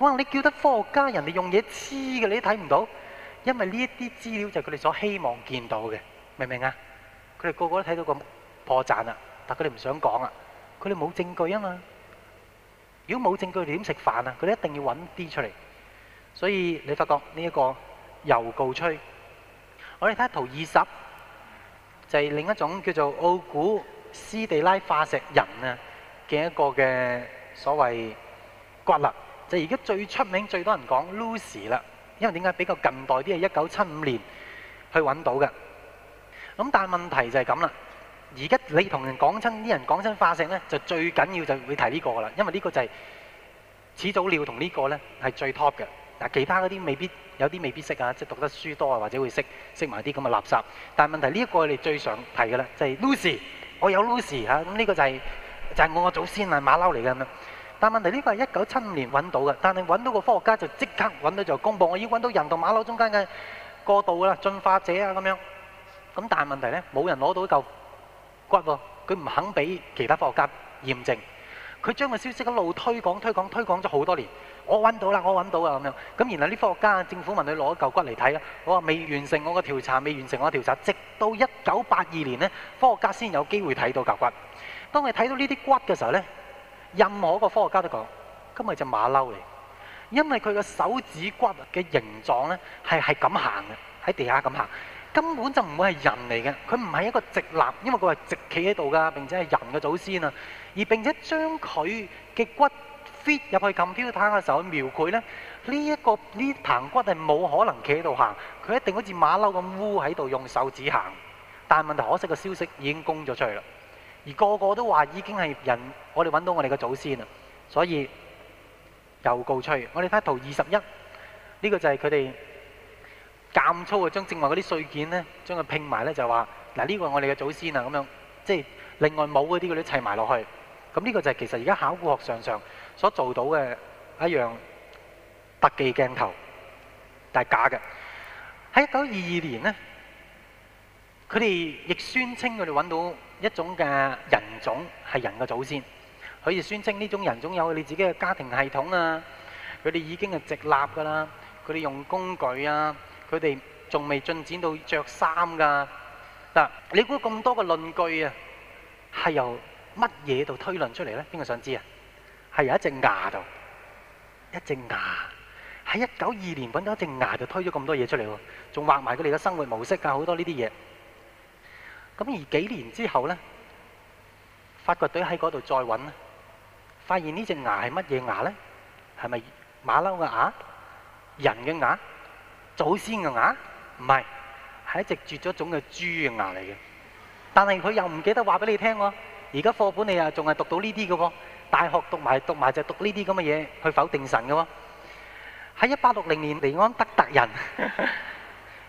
哇，你叫得科學家，人哋用嘢黐嘅，你都睇唔到，因為呢一啲資料就係佢哋所希望見到嘅，明唔明啊？佢哋個個都睇到個破綻啊，但佢哋唔想講啊，佢哋冇證據啊嘛。如果冇證據，點食飯啊？佢哋一定要揾啲出嚟，所以你發覺呢一個又告吹。我哋睇下圖二十，就係另一種叫做奧古斯地拉化石人啊嘅一個嘅所謂骨骼。就而家最出名最多人講 Lucy 啦，因為點解比較近代啲啊？一九七五年去揾到嘅，咁但係問題就係咁啦。而家你同人講親啲人講親化石咧，就最緊要就會提呢個啦，因為呢個就係、是、始祖鳥同呢個咧係最 top 嘅。嗱，其他嗰啲未必有啲未必識啊，即係讀得書多啊或者會識識埋啲咁嘅垃圾。但係問題呢一個你最想提嘅啦，就係 Lucy 我有 Lucy 嚇、啊，咁、這、呢個就係、是、就係、是、我個祖先啊馬騮嚟嘅。貓貓但問題呢個係一九七五年揾到嘅，但係揾到個科學家就即刻揾到就公佈，我要揾到人同馬騮中間嘅過渡啦，進化者啊咁樣。咁但係問題咧，冇人攞到嚿骨喎，佢唔肯俾其他科學家驗證。佢將個消息一路推廣、推廣、推廣咗好多年。我揾到啦，我揾到啦咁樣。咁然後啲科學家、政府問佢攞嚿骨嚟睇啊，我話未完成我個調查，未完成我個調查。直到一九八二年咧，科學家先有機會睇到嚿骨。當佢睇到呢啲骨嘅時候咧，任何一個科學家都講，今日隻馬騮嚟，因為佢個手指骨嘅形狀咧係係咁行嘅，喺地下咁行，根本就唔會係人嚟嘅。佢唔係一個直立，因為佢係直企喺度㗎，並且係人嘅祖先啊。而並且將佢嘅骨 fit 入去咁表攤嘅時候描佢呢，呢、這、一個呢頸骨係冇可能企喺度行，佢一定好似馬騮咁烏喺度用手指行。但係問題，可惜嘅消息已經公咗出去啦。而個個都話已經係人，我哋揾到我哋嘅祖先啦，所以又告吹。我哋睇下圖二十一，呢個就係佢哋鑑粗啊，將正話嗰啲碎件咧，將佢拼埋咧就話嗱呢個係我哋嘅祖先啊，咁樣即係另外冇嗰啲嗰啲砌埋落去。咁呢個就係其實而家考古學上上所做到嘅一樣特技鏡頭，但係假嘅。喺一九二二年呢，佢哋亦宣稱佢哋揾到。一種嘅人種係人嘅祖先，可以宣稱呢種人種有佢哋自己嘅家庭系統啊。佢哋已經係直立㗎啦，佢哋用工具啊，佢哋仲未進展到著衫㗎。嗱，你估咁多嘅論據啊，係由乜嘢度推論出嚟呢？邊個想知啊？係由一隻牙度，一隻牙喺一九二年揾到一隻牙就推咗咁多嘢出嚟喎，仲畫埋佢哋嘅生活模式㗎，好多呢啲嘢。咁而幾年之後咧，發掘隊喺嗰度再揾，發現隻呢隻牙係乜嘢牙咧？係咪馬騮嘅牙？人嘅牙？祖先嘅牙？唔係，係一隻絕咗種嘅豬嘅牙嚟嘅。但係佢又唔記得話俾你聽喎。而家課本你啊仲係讀到呢啲嘅喎，大學讀埋讀埋就讀呢啲咁嘅嘢去否定神嘅喎。喺一八六零年，尼安德特人。 *laughs*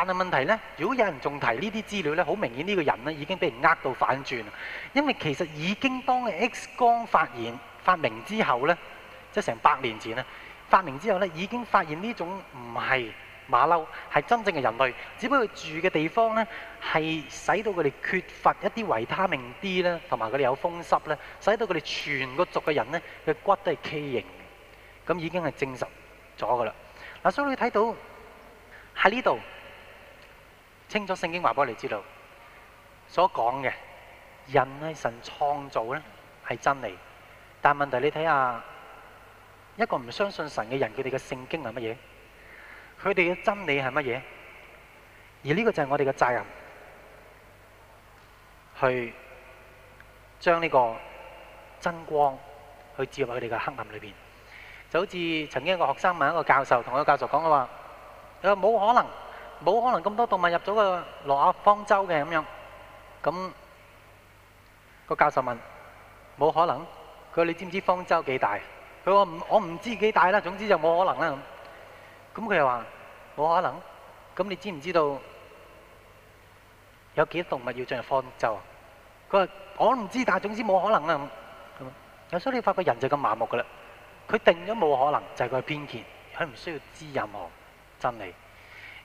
但係問題咧，如果有人仲提呢啲資料咧，好明顯呢個人咧已經俾人呃到反轉啦，因為其實已經當 X 光發現發明之後咧，即係成百年前啊，發明之後咧、就是、已經發現呢種唔係馬騮，係真正嘅人類，只不過住嘅地方咧係使到佢哋缺乏一啲維他命 D 啦，同埋佢哋有風濕咧，使到佢哋全個族嘅人咧嘅骨都係畸形嘅，咁已經係證實咗噶啦。嗱、啊，所以你睇到喺呢度。在這裡清楚聖經話俾我哋知道，所講嘅人係神創造咧，係真理。但係問題你睇下，一個唔相信神嘅人，佢哋嘅聖經係乜嘢？佢哋嘅真理係乜嘢？而呢個就係我哋嘅責任，去將呢個真光去照入佢哋嘅黑暗裏邊。就好似曾經一個學生問一個教授，同個教授講嘅話，佢話冇可能。冇可能咁多動物入咗個諾亞方舟嘅咁樣，咁個教授問：冇可能？佢話你知唔知方舟幾大？佢話唔，我唔知幾大啦。總之就冇可能啦。咁佢又話冇可能。咁你知唔知道有幾多動物要進入方舟？佢話我唔知，但係總之冇可能啦。咁有所以你發覺人就咁麻木噶啦。佢定咗冇可能就係佢嘅偏見，佢唔需要知任何真理。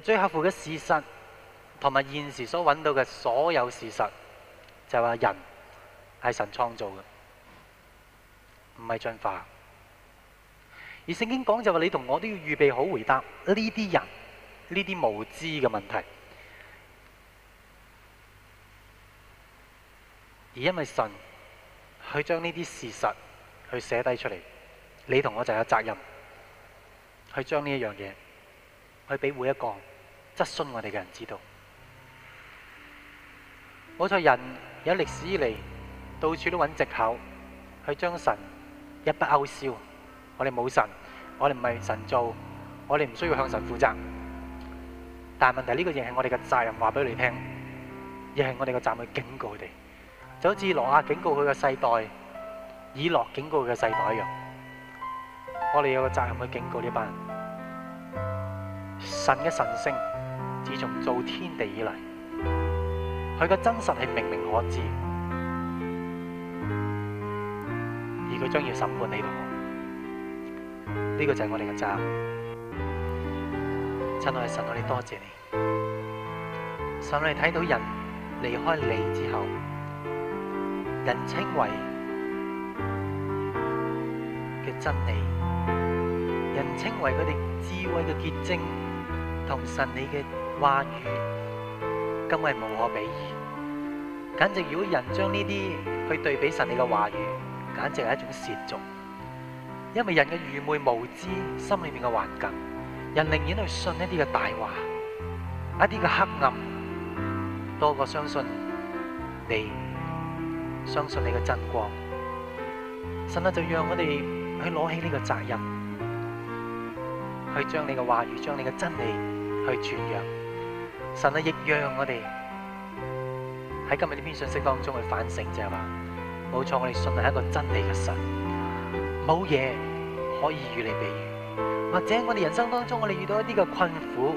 最合乎嘅事實，同埋現時所揾到嘅所有事實，就係話人係神創造嘅，唔係進化。而聖經講就話你同我都要預備好回答呢啲人呢啲無知嘅問題。而因為神去將呢啲事實去寫低出嚟，你同我就有責任去將呢一樣嘢。去俾每一個質詢我哋嘅人知道，好在人有歷史以嚟，到處都揾藉口去將神一筆勾銷。我哋冇神，我哋唔係神做，我哋唔需要向神負責。但係問題呢、呢個嘢係我哋嘅責任，話俾你聽，亦係我哋嘅責任去警告佢哋，就好似羅亞警告佢嘅世代，以諾警告佢嘅世代一樣。我哋有個責任去警告呢一班人。神嘅神聖，自從造天地以嚟，佢嘅真實係明明可知，而佢將要審判你同我。呢、這個就係我哋嘅責任。親愛的神，我哋多謝你。神，我哋睇到人離開你之後，人稱為嘅真理，人稱為佢哋智慧嘅結晶。同神你嘅話語，更係無可比擬。簡直如果人將呢啲去對比神你嘅話語，簡直係一種褻瀆。因為人嘅愚昧無知，心裏面嘅幻覺，人寧願去信一啲嘅大話，一啲嘅黑暗，多過相信你，相信你嘅真光。神啊，就讓我哋去攞起呢個責任，去將你嘅話語，將你嘅真理，去傳揚，神啊，亦讓我哋喺今日呢篇信息當中去反省吧，就係話，冇錯，我哋信係一個真理嘅神，冇嘢可以與你比喻。或者我哋人生當中，我哋遇到一啲嘅困苦，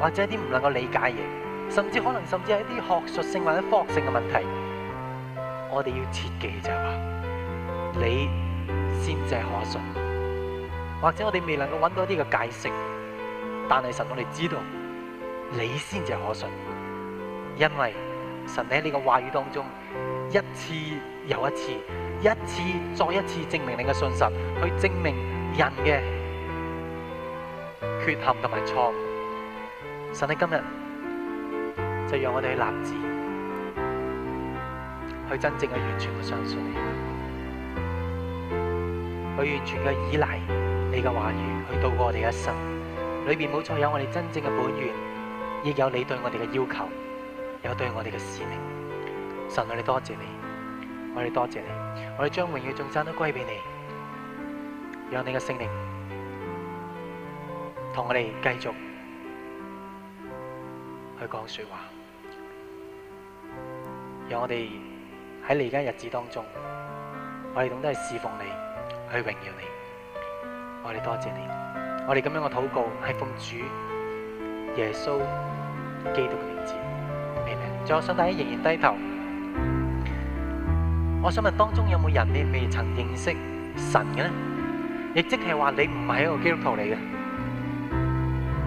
或者一啲唔能夠理解嘢，甚至可能甚至係一啲學術性或者科學性嘅問題，我哋要切記就係話，你先至係可信。或者我哋未能夠揾到一啲嘅解釋。但係神，我哋知道你先至可信，因為神喺你嘅話語當中一次又一次、一次再一次證明你嘅信實，去證明人嘅缺陷同埋錯誤。神喺今日就讓我哋去立志，去真正嘅完全去相信你，去完全嘅依賴你嘅話語，去度過我哋嘅一生。裏邊冇錯，有我哋真正嘅本源，亦有你對我哋嘅要求，有對我哋嘅使命。神，我哋多謝你，我哋多謝你，我哋將榮耀眾生都歸俾你，讓你嘅聖靈同我哋繼續去講說話，讓我哋喺你而家日子當中，我哋懂得去侍奉你，去榮耀你。我哋多謝你。我哋咁樣嘅禱告係奉主耶穌基督嘅名字，阿門。仲有，大家仍然低頭，我想問當中有冇人你未曾認識神嘅咧？亦即係話你唔係一個基督徒嚟嘅，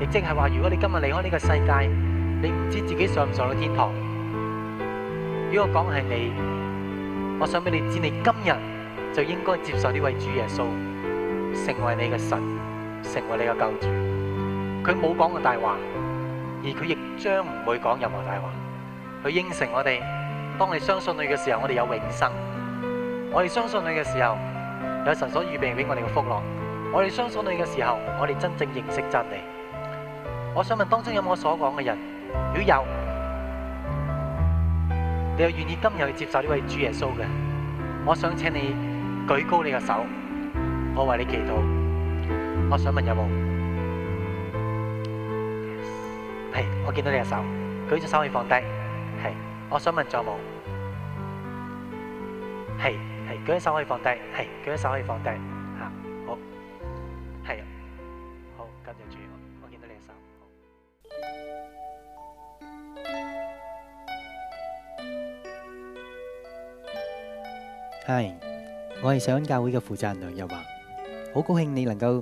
亦即係話如果你今日離開呢個世界，你唔知自己上唔上到天堂。如果講係你，我想俾你知，你今日就應該接受呢位主耶穌成為你嘅神。成為你嘅救主，佢冇講過大話，而佢亦將唔會講任何大話。佢應承我哋，當你相信佢嘅時候，我哋有永生；我哋相信佢嘅時候，有神所預備俾我哋嘅福樂；我哋相信佢嘅時候，我哋真正認識真理。」我想問當中有冇我所講嘅人？如果有，你又願意今日去接受呢位主耶穌嘅？我想請你舉高你嘅手，我為你祈禱。我想問有冇？係，我見到你隻手，舉隻手可以放低。係，我想問仲有冇？係，係，舉隻手可以放低。係，舉隻手可以放低。吓，好。係，好，跟住住，我見到你隻手。係，我係上教會嘅負責人梁日華，好高興你能夠。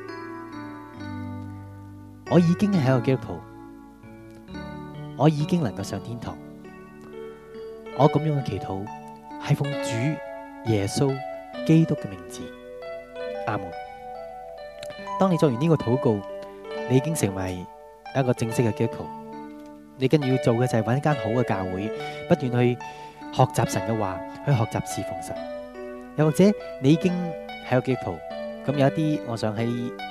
我已經係一個基督徒，我已經能夠上天堂。我咁樣嘅祈禱係奉主耶穌基督嘅名字，阿門。當你做完呢個禱告，你已經成為一個正式嘅基督徒。你跟住要做嘅就係揾一間好嘅教會，不斷去學習神嘅話，去學習侍奉神。又或者你已經係一個基督徒，咁有一啲我想喺。